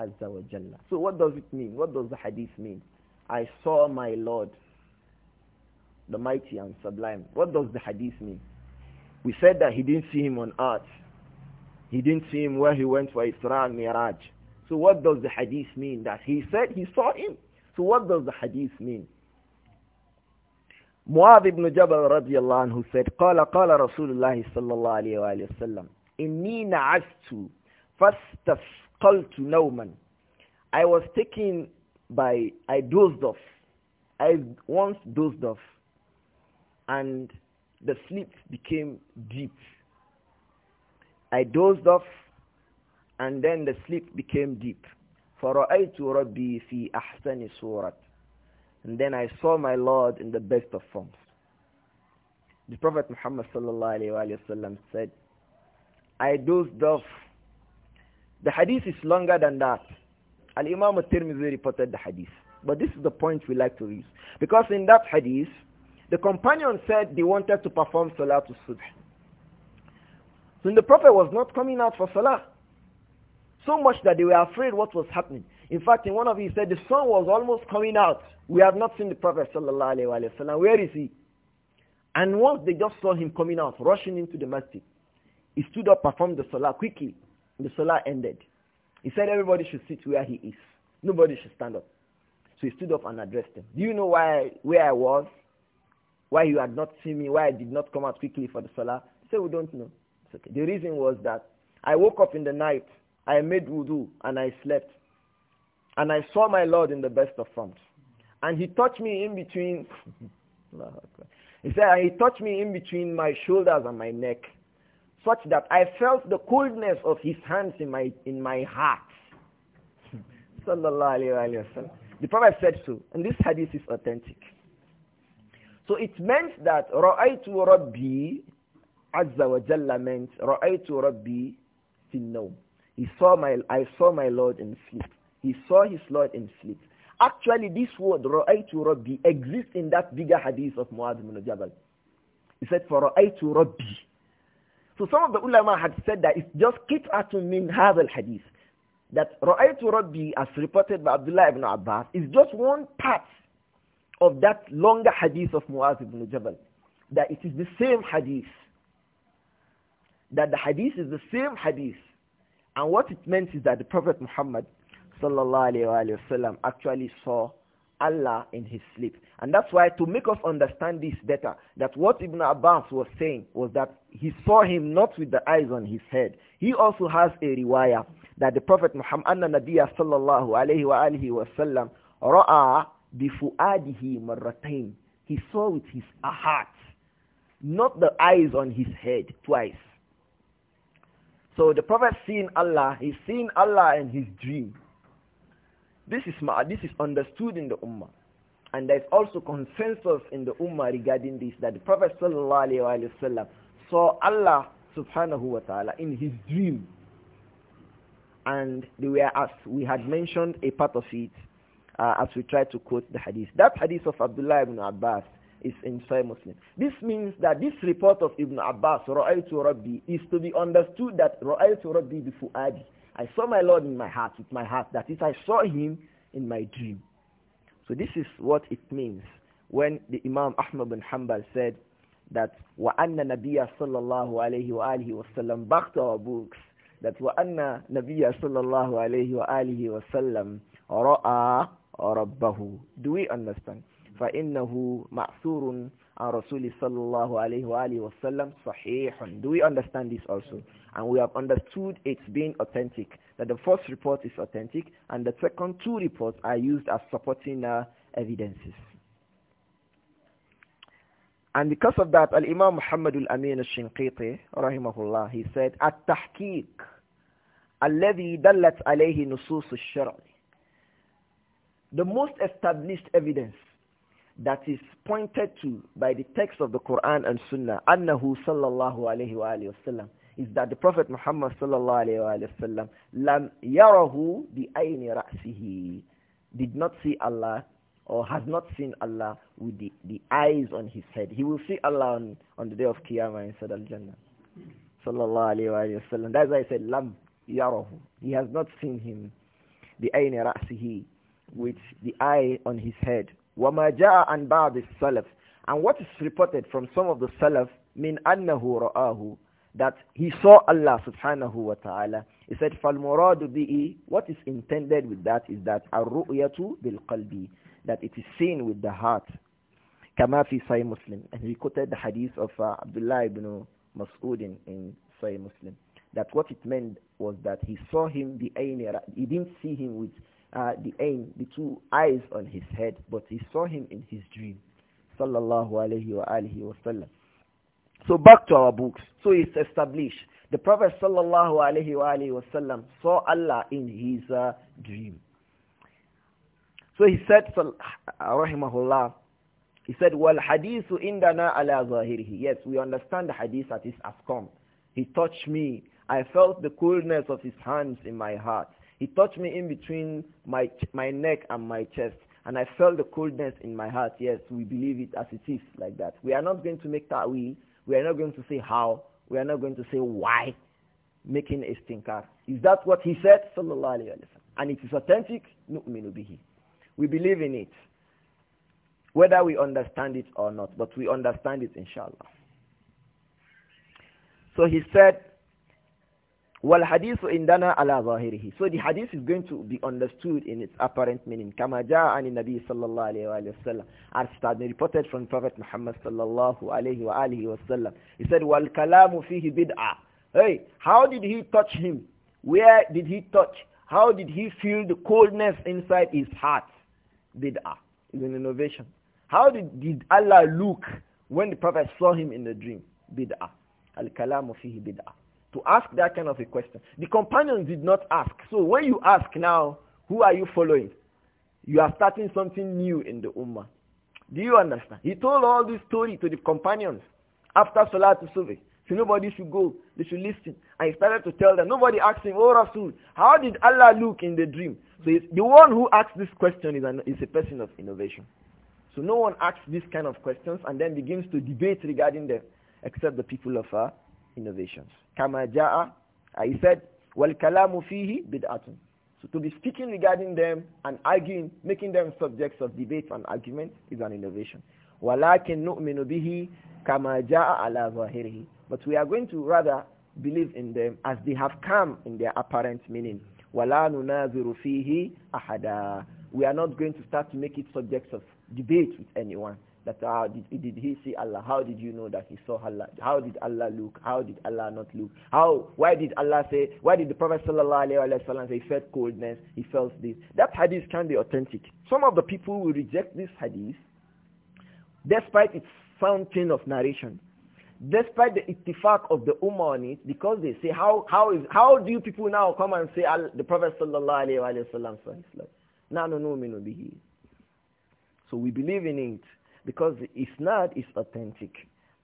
Azza wa Jalla. So what does it mean? What does the hadith mean? I saw my Lord, the mighty and sublime. What does the hadith mean? We said that he didn't see him on earth. He didn't see him where he went for Isra and Miraj. So what does the hadith mean? That he said he saw him. So what does the hadith mean? Muadh ibn Jabal radiallahu anhu said, قال قال رسول الله صلى الله عليه وآله وسلم إني نعست Called to Nauman. I was taken by, I dozed off. I once dozed off. And the sleep became deep. I dozed off and then the sleep became deep. فَرَأَيْتُ رَبِّي فِي أَحْسَنِ سُورَةٍ And then I saw my Lord in the best of forms. The Prophet Muhammad sallallahu alayhi wa sallam said, I dozed off the hadith is longer than that. Al-Imam al-Tirmidhi reported the hadith. But this is the point we like to use. Because in that hadith, the companion said they wanted to perform salah to Subh. So the Prophet was not coming out for Salah. So much that they were afraid what was happening. In fact, in one of these, he said the sun was almost coming out. We have not seen the Prophet sallallahu alaihi wasallam. Where is he? And once they just saw him coming out, rushing into the masjid, he stood up, performed the salah quickly. The salah ended. He said everybody should sit where he is. Nobody should stand up. So he stood up and addressed them. Do you know why where I was? Why you had not seen me? Why I did not come out quickly for the salah? He said, we don't know. Okay. The reason was that I woke up in the night, I made wudu, and I slept. And I saw my Lord in the best of forms. And he touched me in between. he said, he touched me in between my shoulders and my neck such that I felt the coldness of his hands in my, in my heart. Sallallahu alayhi wa The Prophet said so, and this hadith is authentic. So it meant that رَأَيْتُ رَبِّي Azza wa Jalla meant رَأَيْتُ رَبِّي فِي he saw my, I saw my Lord in sleep. He saw his Lord in sleep. Actually, this word, Ra'aytu Rabbi, exists in that bigger hadith of Muad ibn Jabal. He said, For Ra'aytu Rabbi, so some of the ulama had said that it's just kit'atun min hadha al-hadith. That Ra'aytu Rabbi, as reported by Abdullah ibn Abbas, is just one part of that longer hadith of Muaz ibn Jabal. That it is the same hadith. That the hadith is the same hadith. And what it meant is that the Prophet Muhammad sallallahu alayhi wa actually saw Allah in his sleep. And that's why to make us understand this better, that what Ibn Abbas was saying was that he saw him not with the eyes on his head. He also has a riwaya that the Prophet Muhammad, anna Nabiya sallallahu alayhi wa alihi wa sallam, ra'a bifu'adihi marratain. He saw with his heart, not the eyes on his head twice. So the Prophet seeing Allah, he's seeing Allah in his dream. This is, this is understood in the Ummah. And there is also consensus in the Ummah regarding this, that the Prophet wasallam saw Allah subhanahu wa ta'ala in his dream. And they were, asked. we had mentioned, a part of it uh, as we try to quote the hadith. That hadith of Abdullah ibn Abbas is in Sahih Muslim. This means that this report of Ibn Abbas, Ra'aytu Rabbi, is to be understood that Ra'aytu Rabbi bi Fu'adi. I saw my Lord in my heart, with my heart. That is, I saw him in my dream. So this is what it means when the Imam Ahmad bin Hanbal said that وَأَنَّ نَبِيَّ صَلَّى اللَّهُ عَلَيْهِ وَآلِهِ وَسَلَّمْ بَغْتَ وَبُوكْس That وَأَنَّ نَبِيَّ صَلَّى اللَّهُ عَلَيْهِ وَآلِهِ وَسَلَّمْ رَأَى رَبَّهُ Do we understand? فَإِنَّهُ مَعْصُورٌ and Rasul sallallahu alayhi wa wasallam sahihun. Do we understand this also? And we have understood its being authentic, that the first report is authentic and the second two reports are used as supporting uh, evidences. And because of that, Al-Imam Muhammad al-Amin al-Shinqiti, rahimahullah, he said, At-tahqiq, الذي دلت nusus al-Shari'." The most established evidence that is pointed to by the text of the Quran and Sunnah, annahu sallallahu alayhi wa alayhi wasallam, is that the Prophet Muhammad sallallahu alayhi wa sallam, lam yarahu bi ayni ra'sihi, did not see Allah or has not seen Allah with the, the eyes on his head. He will see Allah on, on the day of Qiyamah inside Al-Jannah. Sallallahu alayhi wa sallam. That's why I said, lam yarahu. He has not seen him the ayni ra'sihi, with the eye on his head. وَمَا جَاءَ عَنْ بَعْضِ السَّلَفِ And what is reported from some of the Salaf, مِنْ أَنَّهُ رَآهُ That he saw Allah subhanahu wa ta'ala. He said, فَالْمُرَادُ بِهِ What is intended with that is that الرُّؤْيَةُ بِالْقَلْبِ That it is seen with the heart. كما في Sahih Muslim. And he quoted the hadith of uh, Abdullah ibn Mas'ud in, in Sahih Muslim. That what it meant was that he saw him, the he didn't see him with uh, the aim, the two eyes on his head, but he saw him in his dream. Sallallahu alayhi wa alihi wa sallam. So back to our books. So it's established. The Prophet sallallahu alayhi wa alihi wa sallam saw Allah in his uh, dream. So he said, uh, rahimahullah, he said, "Well, hadithu indana ala zahirihi." Yes, we understand the hadith that is has come. He touched me. I felt the coolness of his hands in my heart. He touched me in between my, my neck and my chest. And I felt the coldness in my heart. Yes, we believe it as it is like that. We are not going to make that we. We are not going to say how. We are not going to say why. Making a stinker. Is that what he said? Sallallahu alayhi wa And it is authentic. We believe in it. Whether we understand it or not. But we understand it inshallah. So he said, Wal hadithu indana ala zahirihi. So the hadith is going to be understood in its apparent meaning. Kama ja'a an nabi sallallahu alayhi wa sallam. As it has been reported from Prophet Muhammad sallallahu alayhi wa alihi wa sallam. He said, wal kalamu fihi bid'ah. Hey, how did he touch him? Where did he touch? How did he feel the coldness inside his heart? Bid'ah is an innovation. How did, did Allah look when the Prophet saw him in the dream? Bid'ah. Al-kalamu fihi bid'ah to ask that kind of a question. The companions did not ask. So when you ask now, who are you following? You are starting something new in the Ummah. Do you understand? He told all this story to the companions after Salatul Subh. So nobody should go. They should listen. And he started to tell them. Nobody asked him, Oh Rasul, how did Allah look in the dream? So the one who asks this question is, an, is a person of innovation. So no one asks these kind of questions and then begins to debate regarding them except the people of uh, innovations kama ja'a. I said, wal kalamu fihi bid'atun. So to be speaking regarding them and arguing, making them subjects of debate and argument is an innovation. Walakin nu'minu bihi kama ja'a ala zahirihi. But we are going to rather believe in them as they have come in their apparent meaning. Wala nunaziru fihi ahada. We are not going to start to make it subjects of debate with anyone that did, did he see Allah? How did you know that he saw Allah? How did Allah look? How did Allah not look? How? Why did Allah say? Why did the Prophet sallallahu alaihi say he felt coldness? He felt this. That hadith can be authentic. Some of the people will reject this hadith, despite its fountain of narration despite the ittifaq of the ummah on it, because they say, how, how, is, how do you people now come and say the Prophet sallallahu alayhi wa sallam saw his life? No, no, no, bihi. So we believe in it because it's not, it's authentic.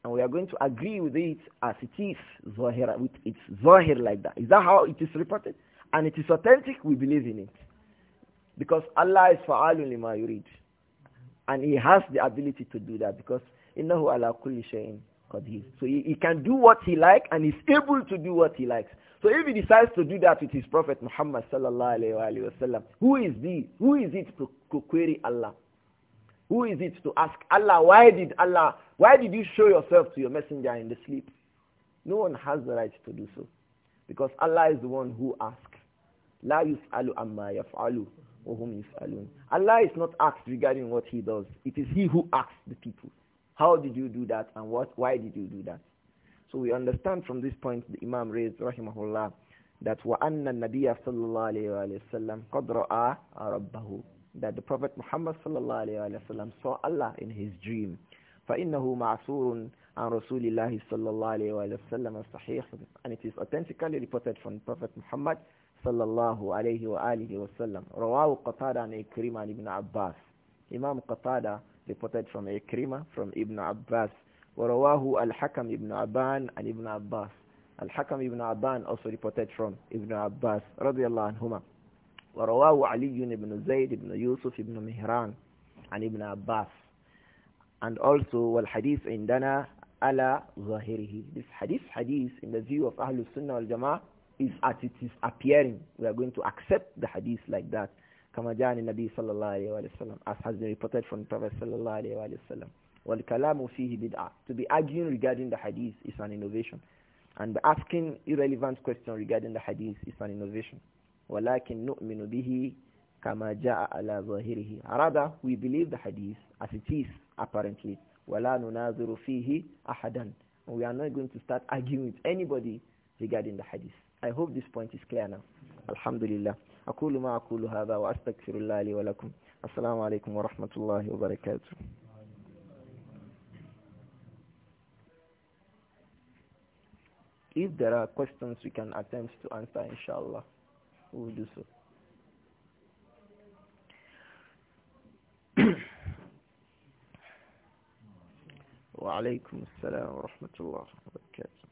And we are going to agree with it as it is, zahira, with its zahir like that. Is that how it is reported? And it is authentic, we believe in it. Because Allah is fa'alun lima yurid. And He has the ability to do that because innahu ala kulli shay'in qadir. So he, he can do what he likes and he's able to do what he likes. So if he decides to do that with his prophet Muhammad sallallahu alaihi wasallam, who is the who is it to, to query Allah? Who is it to ask Allah, why did Allah, why did you show yourself to your messenger in the sleep? No one has the right to do so. Because Allah is the one who asks. La yus'alu amma yaf'alu wa hum yus'alun. Allah is not asked regarding what he does. It is he who asks the people. How did you do that and what, why did you do that? So we understand from this point the Imam raised, rahimahullah, that وَأَنَّ النَّبِيَّ صَلَّى اللَّهُ عَلَيْهِ وَسَلَّمْ قَدْ رَأَى رَبَّهُ that the Prophet Muhammad وسلم, saw Allah in his dream. فإنه معصور عن رسول الله صلى الله عليه وسلم صحيح and it is authentically reported from Prophet Muhammad صلى الله عليه وآله وسلم رواه قتادة عن إكرمة عن ابن عباس Imam Qatada reported from Ikrimah from Ibn Abbas ورواه الحكم ibn Abban عن ابن عباس. الحكم hakam ibn also reported from Ibn Abbas رضي الله عنهما ورواه علي بن زيد بن يوسف بن مهران عن ابن Abbas and also والحديث عندنا على ظاهره this hadith hadith in the view of Ahlul Sunnah wal Jama'ah is as it is appearing we are going to accept the hadith like that كما جاء النبي صلى الله عليه وسلم as has been reported from the Prophet صلى الله عليه وسلم والكلام فيه بدعة to be arguing regarding the hadith is an innovation and asking irrelevant question regarding the hadith is an innovation ولكن نؤمن به كما جاء على ظاهره rather we believe the hadith as it is apparently ولا ننظر فيه أحدا we are not going to start arguing with anybody regarding the hadith I hope this point is clear now الحمد لله أقول ما أقول هذا وأستغفر الله لي ولكم السلام عليكم ورحمة الله وبركاته If there are questions, we can attempt to answer, inshallah. حدوثه وعليكم السلام ورحمة الله وبركاته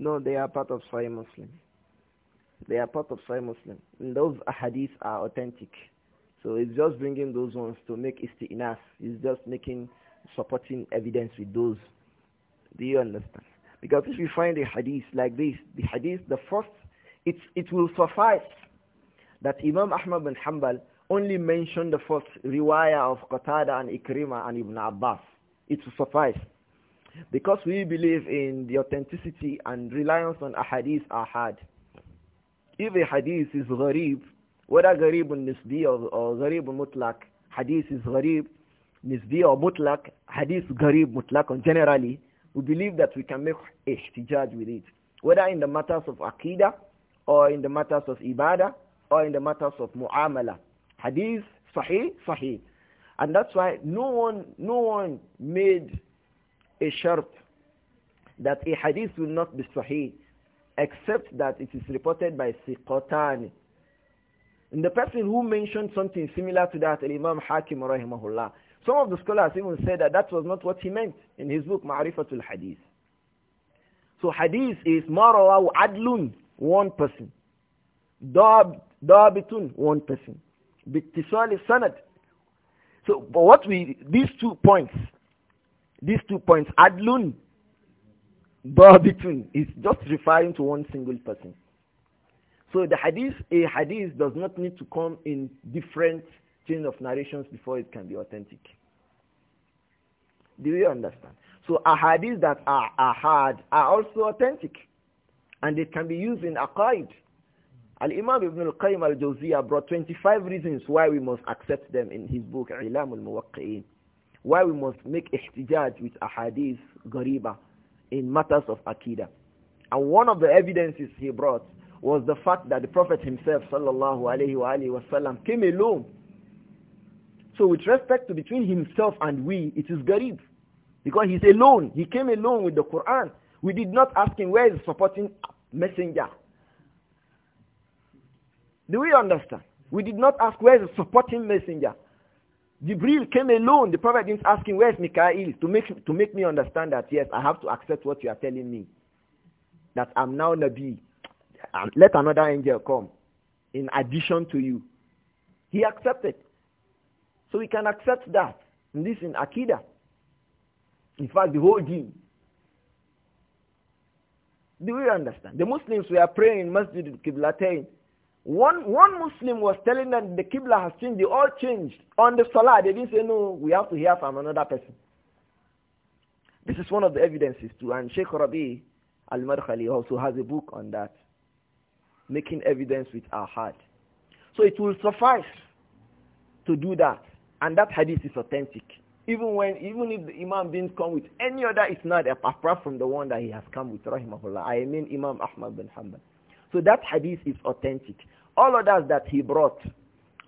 No, they are part of Sahih Muslim. They are part of Sahih Muslim. And those hadiths are authentic. So it's just bringing those ones to make isti'nas. It's just making supporting evidence with those. Do you understand? Because if you find a hadith like this, the hadith, the first, it, it will suffice that Imam Ahmad bin Hanbal only mentioned the first riwayah of Qatada and Ikrima and Ibn Abbas. It will suffice. Because we believe in the authenticity and reliance on a hadith ahad. If a hadith is gharib, whether gharib nisbi or, gharib mutlak, hadith is gharib nisbi or mutlak, hadith gharib mutlak. and generally, we believe that we can make ihtijaj with it. Whether in the matters of aqidah, or in the matters of ibadah, or in the matters of mu'amala. Hadith, sahih, sahih. And that's why no one, no one made a that a hadith will not be sahih except that it is reported by Siqatani. And the person who mentioned something similar to that, Imam Hakim rahimahullah, some of the scholars even said that that was not what he meant in his book Ma'rifatul Hadith. So hadith is marawahu adlun, one person. Dabitun, one person. Bittisali sanad. So but what we, these two points, these two points, adlun, between, is just referring to one single person. So the hadith, a hadith does not need to come in different chain of narrations before it can be authentic. Do you understand? So a hadith that are ahad are also authentic. And they can be used in aqaid. Al-Imam Ibn al-Qayyim al-Jawziyah brought 25 reasons why we must accept them in his book, Ilam al why we must make ihtijaj with ahadith gariba in matters of akida. And one of the evidences he brought was the fact that the Prophet himself, sallallahu alayhi wa alayhi wasallam, came alone. So with respect to between himself and we, it is gharib Because he's alone. He came alone with the Quran. We did not ask him where is the supporting messenger. Do we understand? We did not ask where is the supporting messenger. Jibril came alone. The Prophet didn't ask him, where's Mikael? To make, to make me understand that, yes, I have to accept what you are telling me. That I'm now Nabi. Um, let another angel come in addition to you. He accepted. So we can accept that. And this in Akida. In fact, the whole deen. Do we understand? The Muslims were praying in Masjid al-Qiblatain. One, one Muslim was telling them the Qibla has changed. They all changed. On the Salah, they didn't say, no, we have to hear from another person. This is one of the evidences too. And Sheikh Rabi al Madkhali also has a book on that. Making evidence with our heart. So it will suffice to do that. And that hadith is authentic. Even when, even if the Imam didn't come with any other, it's not apart from the one that he has come with, rahimahullah. I mean Imam Ahmad bin Hanbal. So that hadith is authentic. All others that he brought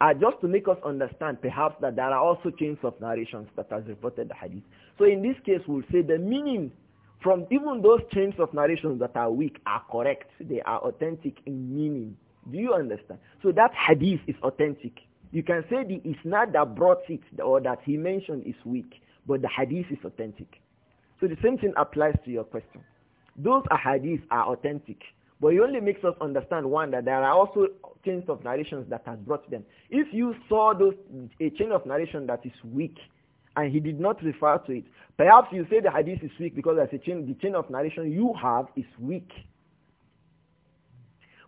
are just to make us understand perhaps that there are also chains of narrations that has reported the hadith. So in this case, we'll say the meaning from even those chains of narrations that are weak are correct. They are authentic in meaning. Do you understand? So that hadith is authentic. You can say the isnad that brought it or that he mentioned is weak, but the hadith is authentic. So the same thing applies to your question. Those hadiths are authentic. But it only makes us understand, one, that there are also chains of narrations that has brought them. If you saw those, a chain of narration that is weak, and he did not refer to it, perhaps you say the hadith is weak because there's a chain, the chain of narration you have is weak.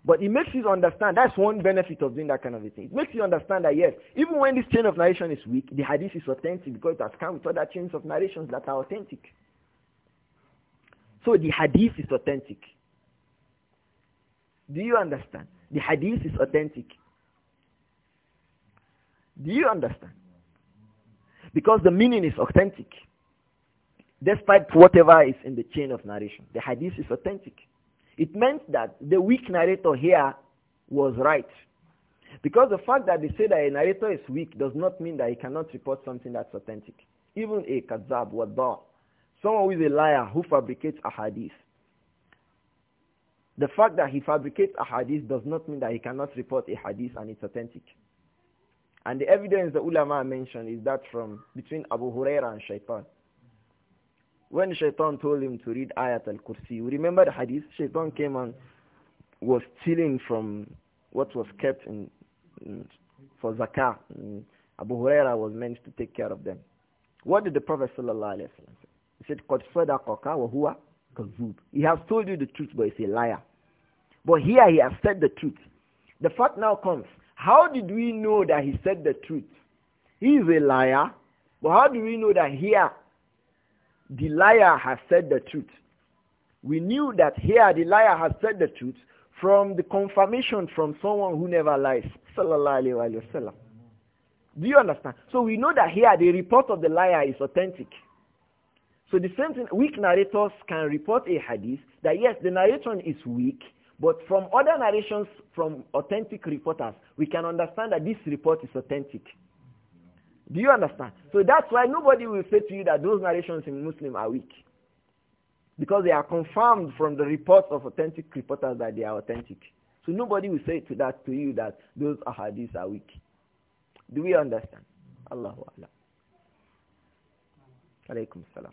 But it makes you understand, that's one benefit of doing that kind of a thing. It makes you understand that yes, even when this chain of narration is weak, the hadith is authentic because it has come with other chains of narrations that are authentic. So the hadith is authentic. Do you understand? The hadith is authentic. Do you understand? Because the meaning is authentic. Despite whatever is in the chain of narration, the hadith is authentic. It meant that the weak narrator here was right. Because the fact that they say that a narrator is weak does not mean that he cannot report something that's authentic. Even a kazab, wadda, someone who is a liar who fabricates a hadith, the fact that he fabricates a hadith does not mean that he cannot report a hadith and it's authentic. And the evidence the ulama mentioned is that from between Abu Huraira and Shaitan. When Shaitan told him to read Ayat al-Kursi, you remember the hadith? Shaitan came and was stealing from what was kept in, in, for zakah. Abu Huraira was meant to take care of them. What did the Prophet sallallahu say? He said, "Qad sadaqaka wa huwa he has told you the truth, but he's a liar. But here he has said the truth. The fact now comes, how did we know that he said the truth? He is a liar, but how do we know that here the liar has said the truth? We knew that here the liar has said the truth from the confirmation from someone who never lies. Sallallahu alayhi Do you understand? So we know that here the report of the liar is authentic. So the same thing, weak narrators can report a hadith that yes, the narration is weak, but from other narrations from authentic reporters, we can understand that this report is authentic. Do you understand? So that's why nobody will say to you that those narrations in Muslim are weak. Because they are confirmed from the reports of authentic reporters that they are authentic. So nobody will say to that to you that those ahadiths are weak. Do we understand? Allahu Akbar. Alaykum salam.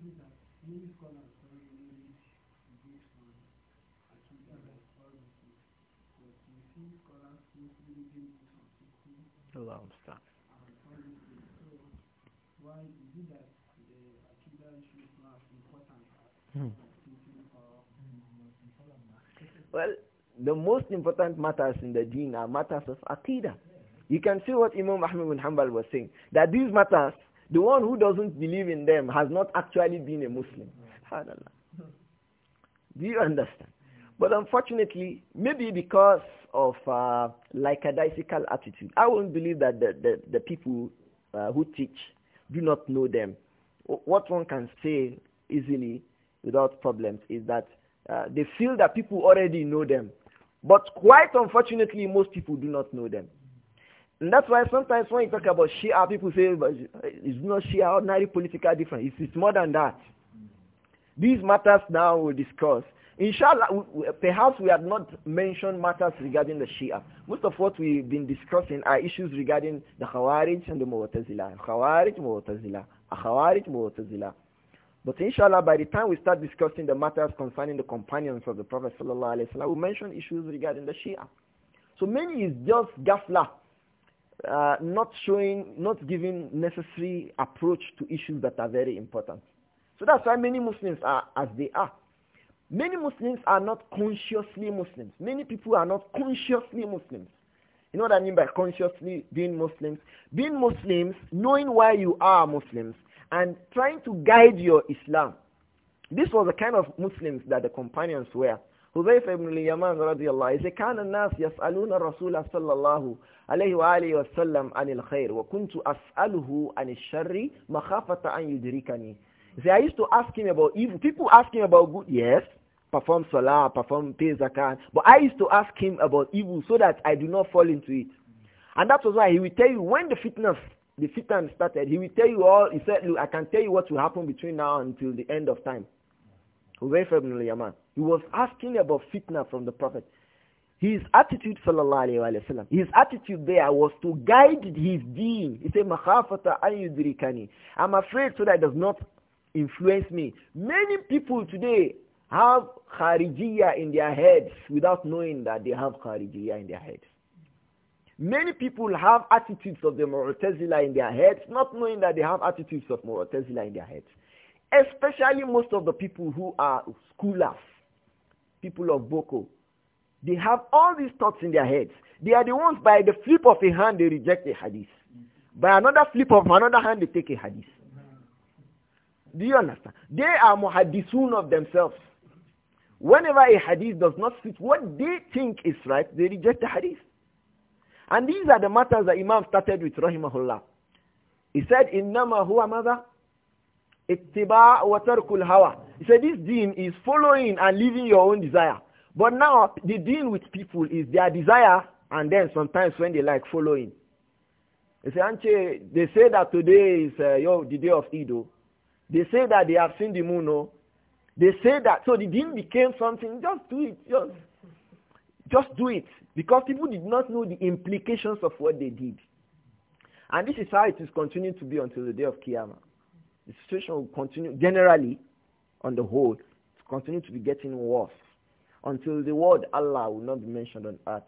Well, the most important matters in the deen are matters of aqidah. You can see what Imam Ahmad bin Hanbal was saying, that these matters, the one who doesn't believe in them has not actually been a Muslim. Do you understand? But unfortunately, maybe because of uh, lackadaisical attitude, I won't believe that the, the, the people uh, who teach do not know them. What one can say easily without problems is that uh, they feel that people already know them. But quite unfortunately, most people do not know them. And that's why sometimes when you talk about Shia, people say it's not Shia, ordinary political difference. It's, it's more than that. These matters now we'll discuss. Inshallah, perhaps we have not mentioned matters regarding the Shia. Most of what we've been discussing are issues regarding the Khawarij and the Mu'tazila. Khawarij, Mu'tazila. Khawarij, Mu'tazila. But inshallah, by the time we start discussing the matters concerning the companions of the Prophet sallallahu we'll mention issues regarding the Shia. So many is just gafla, uh, not showing, not giving necessary approach to issues that are very important. So that's why many Muslims are as they are. Many Muslims are not consciously Muslims. Many people are not consciously Muslims. You know what I mean by consciously being Muslims? Being Muslims, knowing why you are Muslims, and trying to guide your Islam. This was the kind of Muslims that the companions were. Huzayf ibn Yaman of anhu, كان الناس يسألون الرسول صلى الله عليه وآله وسلم عن الخير وكنت أسأله عن الشر مخافة أن يدركني. He said, I used to ask him about evil. People ask him about good, yes, perform salah, perform pay zakat. But I used to ask him about evil so that I do not fall into it. And that was why he will tell you when the fitness the fitan started, he will tell you all, he said, look, I can tell you what will happen between now until the end of time. He was asking about fitna from the Prophet. His attitude, sallallahu alayhi wa sallam, his attitude there was to guide his deen. He said, makhafata ayudrikani. I'm afraid so that does not influence me. Many people today have kharijiyya in their heads without knowing that they have kharijiyya in their heads. Many people have attitudes of the Mu'tazila in their heads, not knowing that they have attitudes of Mu'tazila in their heads. Especially most of the people who are scholars, people of Boko. They have all these thoughts in their heads. They are the ones by the flip of a hand they reject a hadith. By another flip of another hand they take a hadith. Do you understand? They are muhaddisun of themselves. Whenever a hadith does not fit what they think is right, they reject the hadith. And these are the matters that Imam started with rahimahullah. He said, "Innama huwa mada? ittiba' wa tarkul hawa." He said, "This deen is following and living your own desire." But now the deen with people is their desire, and then sometimes when they like following. They say, Anche, they say that today is uh, yo, the day of Eid. Oh. They say that they have seen the moon. Oh. They say that. So the deen became something. Just do it. Just just do it. Because people did not know the implications of what they did. And this is how it is continuing to be until the day of Qiyamah. The situation will continue, generally, on the whole, to continue to be getting worse. Until the word Allah will not be mentioned on earth.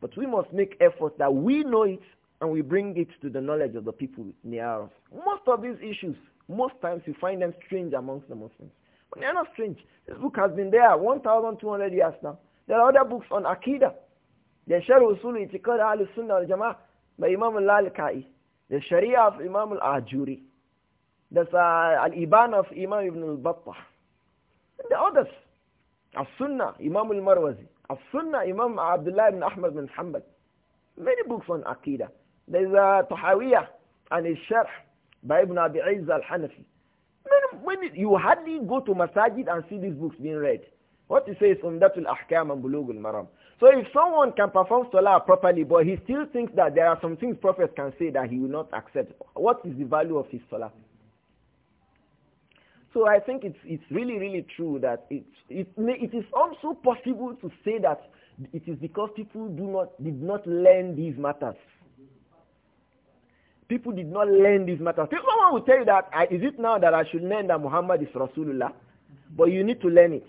But we must make efforts that we know it and we bring it to the knowledge of the people near us. Most of these issues, most times you find them strange amongst the Muslims. But they are not strange. This book has been there 1,200 years now. There are other books on Akida. The Sharh Usul Itikad Al Sunnah al Jama'ah by Imam al-Lalkai. The Sharia of Imam al-Ajuri. There's uh, Al-Iban of Imam Ibn al-Battah. And the others. As-Sunnah, Imam al-Marwazi. As-Sunnah, Imam Abdullah ibn Ahmad Ibn Hanbal. Many books on Akida. There's a Tahawiyah and his Sharh by Ibn Abi Izz al-Hanafi. you hardly go to masajid and see these books being read. What he says, Umdatul Ahkam and Bulugul Maram. So if someone can perform Salah properly, but he still thinks that there are some things prophets can say that he will not accept, what is the value of his Salah? So I think it's, it's really, really true that it, it, it is also possible to say that it is because people do not, did not learn these matters. People did not learn these matters. Someone will tell you that, is it now that I should learn that Muhammad is Rasulullah? But you need to learn it.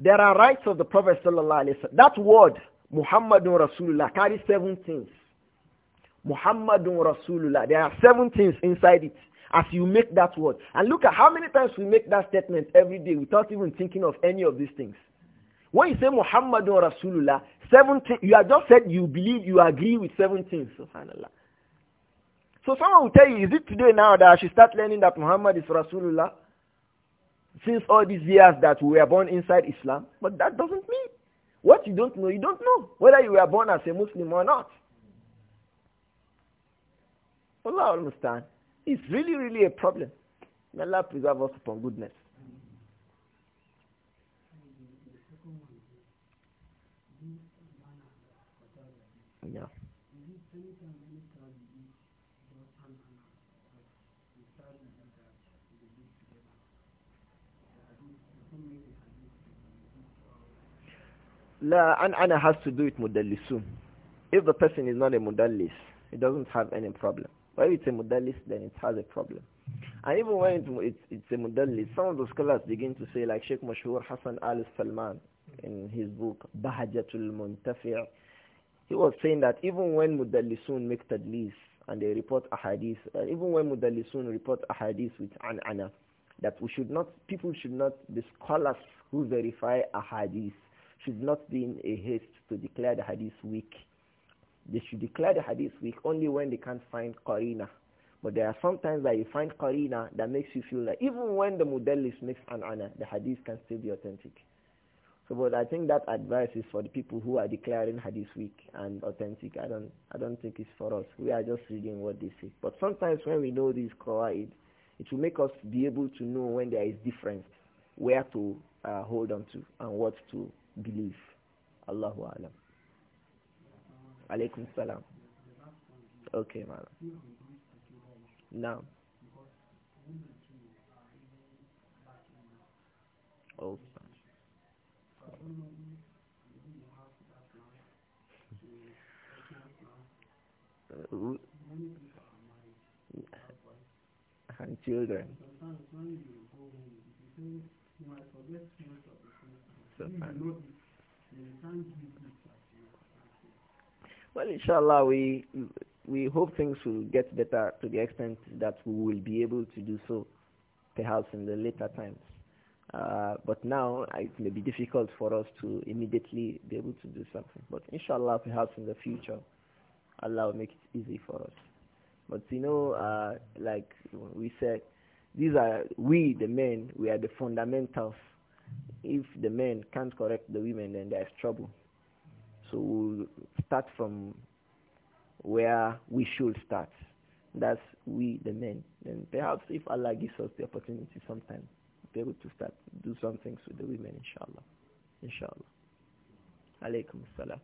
There are rights of the Prophet sallallahu alaihi wasallam. That word, Muhammadun Rasulullah, carries seven things. Muhammadun Rasulullah. There are seven things inside it as you make that word. And look at how many times we make that statement every day without even thinking of any of these things. When you say Muhammadun Rasulullah, seven things, you have just said you believe, you agree with seven things. SubhanAllah. So someone will tell you, is it today now that I should start learning that Muhammad is Rasulullah? since all these years that we were born inside Islam, but that doesn't mean what you don't know, you don't know whether you were born as a Muslim or not. Allah understand. It's really, really a problem. May Allah preserve us upon goodness. Yeah. La an'ana has to do with mudallisun. If the person is not a mudallis, it doesn't have any problem. But if it's a mudallis, then it has a problem. And even when it's, it's, a mudallis, some of the scholars begin to say, like Sheikh Mashhur Hassan al-Salman in his book, Bahajatul Muntafi' he was saying that even when mudallisun make tadlis and they report ahadith, uh, even when mudallisun report ahadith with an'ana, that we should not, people should not, the scholars who verify ahadith should not be in a haste to declare the hadith weak. They should declare the hadith weak only when they can't find Karina. But there are sometimes that you find Karina that makes you feel like even when the is makes an honor, the hadith can still be authentic. So, but I think that advice is for the people who are declaring hadith weak and authentic. I don't, I don't think it's for us. We are just reading what they say. But sometimes when we know these qawaid, it will make us be able to know when there is difference, where to uh, hold on to and what to belief. Allahu alam. Alaykum salam. Okay, madam. Now. Oh. and children. Well, inshallah, we we hope things will get better to the extent that we will be able to do so, perhaps in the later times. Uh, but now uh, it may be difficult for us to immediately be able to do something. But inshallah, perhaps in the future, Allah will make it easy for us. But you know, uh, like we said, these are we, the men, we are the fundamentals if the men can't correct the women, then there's trouble. So we'll start from where we should start. That's we, the men. And perhaps if Allah gives us the opportunity sometime, we'll be able to start, do some things with the women, inshallah. Inshallah. Alaykum salam.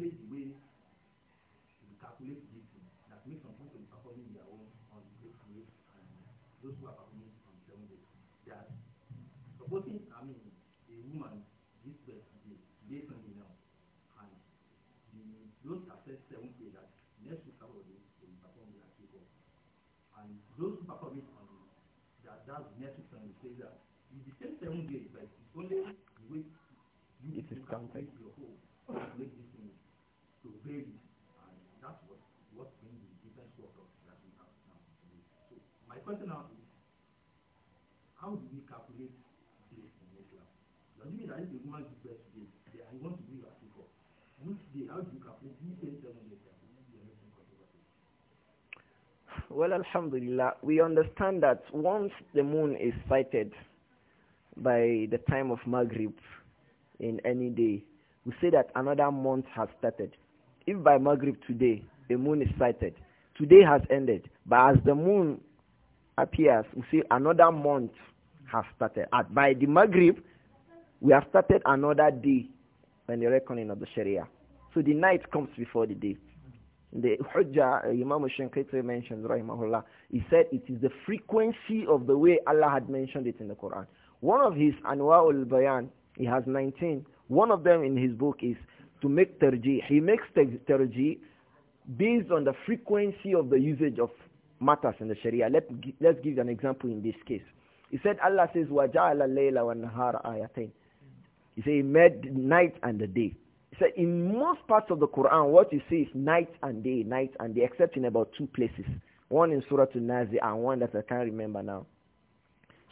the way to calculate this that makes some people to be their own on the days and those who are performing on seven days. That supporting I mean a woman this birth today, today you now, and the those that said seven days that next week Saturday they perform their kickoff. And those who perform it on that does next week Sunday say that the same seven days but it's only the way you it is counted. your whole make question now is, how do we calculate in Islam? Does it mean that if the woman gives birth today, they are going to Which day, how do you calculate? Do you say seven days? Well, Alhamdulillah, we understand that once the moon is sighted by the time of Maghrib in any day, we say that another month has started. If by Maghrib today the moon is sighted, today has ended. But as the moon appears, we see another month has started. At, by the Maghrib, we have started another day when the reckoning of the Sharia. So the night comes before the day. The Hujjah, uh, Imam Shankiti mentioned, Rahimahullah, he said it is the frequency of the way Allah had mentioned it in the Quran. One of his Anwa'ul Bayan, he has 19. One of them in his book is to make tarjih. He makes tarjih based on the frequency of the usage of matters in the Sharia. Let, let's give an example in this case. He said Allah says, وَجَعَلَ اللَّيْلَ وَالنَّهَارَ آيَتَيْن He said He made night and the day. He said in most parts of the Quran, what you see is night and day, night and day, except in about two places. One in Surah Al-Nazi and one that I can't remember now.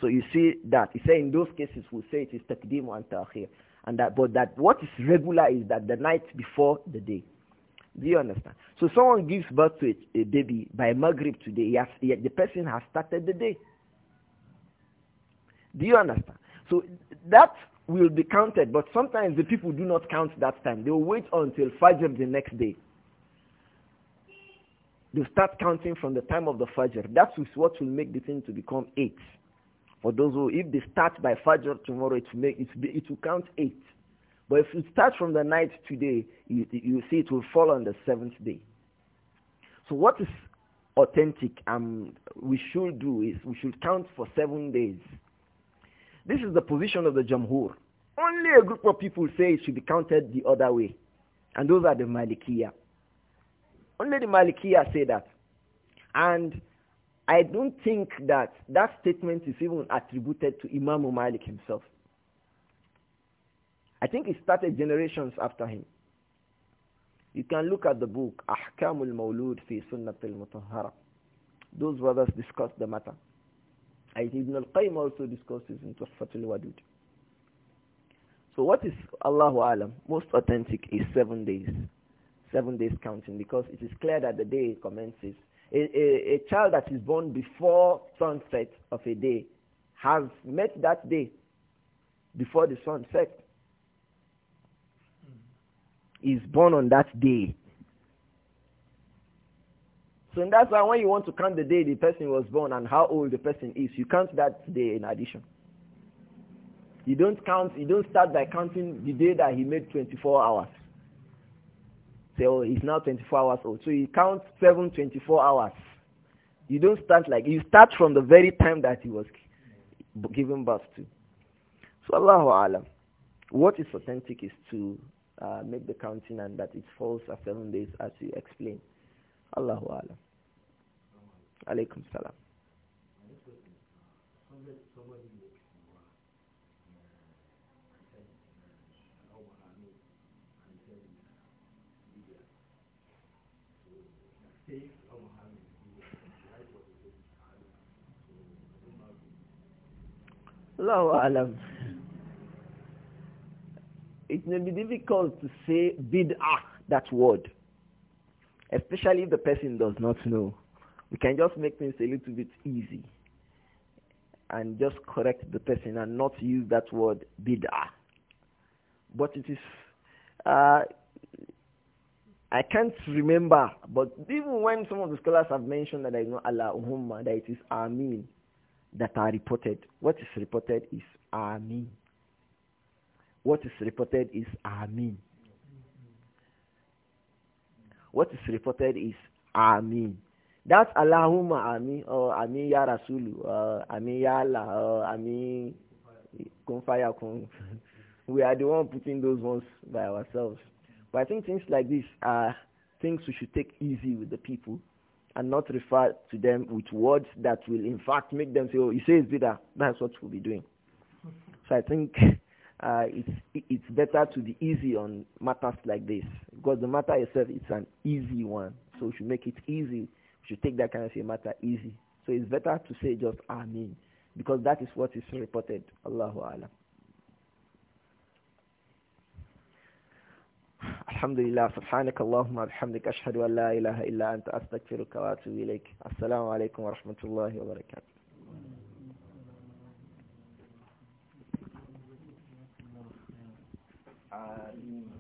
So you see that. He said in those cases, we say it is taqdim and ta'khir. And that, but that what is regular is that the night before the day. Do you understand? So someone gives birth to a, a baby by Maghrib today, he has, he, the person has started the day. Do you understand? So that will be counted, but sometimes the people do not count that time. They will wait until Fajr the next day. They start counting from the time of the Fajr. That is what will make the thing to become eight. For those who, if they start by Fajr tomorrow, it, will, make, it, it will count eight. But if you start from the night today, you, you see it will fall on the seventh day. So what is authentic um, we should do is we should count for seven days. This is the position of the Jamhur. Only a group of people say it should be counted the other way. And those are the Malikiya. Only the Malikiya say that. And I don't think that that statement is even attributed to Imam Malik himself. I think it started generations after him. You can look at the book, Ahkamul Mawlud fi Sunnatul Mutahhara. Those brothers discuss the matter. And Ibn al-Qayyim also discusses in Tuhfatul Wadud. So what is Allahu Alam? Most authentic is seven days. Seven days counting because it is clear that the day commences. A, a, a child that is born before sunset of a day has met that day before the sun sets is born on that day. So that's why when you want to count the day the person was born and how old the person is, you count that day in addition. You don't count, you don't start by counting the day that he made 24 hours. Say, so he's now 24 hours old. So you count 7, 24 hours. You don't start like, you start from the very time that he was given birth to. So Allahu Alam. What is authentic is to uh, make the counting and that it falls after seven days as you explain. Allahu Alam. Alaykum Salam. Allahu Alam it may be difficult to say bid'ah, that word. Especially if the person does not know. We can just make things a little bit easy and just correct the person and not use that word bid'ah. But it is, uh, I can't remember, but even when some of the scholars have mentioned that I know Allahumma, that it is Amin that are reported, what is reported is Amin. What is reported is Amin. What is reported is Amin. That's Allahumma Amin or Amin Ya Rasulu or Amin Ya Allah or Amin kunfaya Kun. We are the one putting those ones by ourselves. But I think things like this are things we should take easy with the people and not refer to them with words that will in fact make them say, oh, you say it's That's what we'll be doing. So I think uh, it's, it's better to be easy on matters like this because the matter itself is an easy one. So we should make it easy. We should take that kind of a matter easy. So it's better to say just Amin because that is what is reported. Allahu Alam. الحمد لله سبحانك اللهم وبحمدك أشهد أن لا إله إلا أنت أستغفرك وأتوب إليك السلام عليكم ورحمة الله وبركاته Àmín. Ah,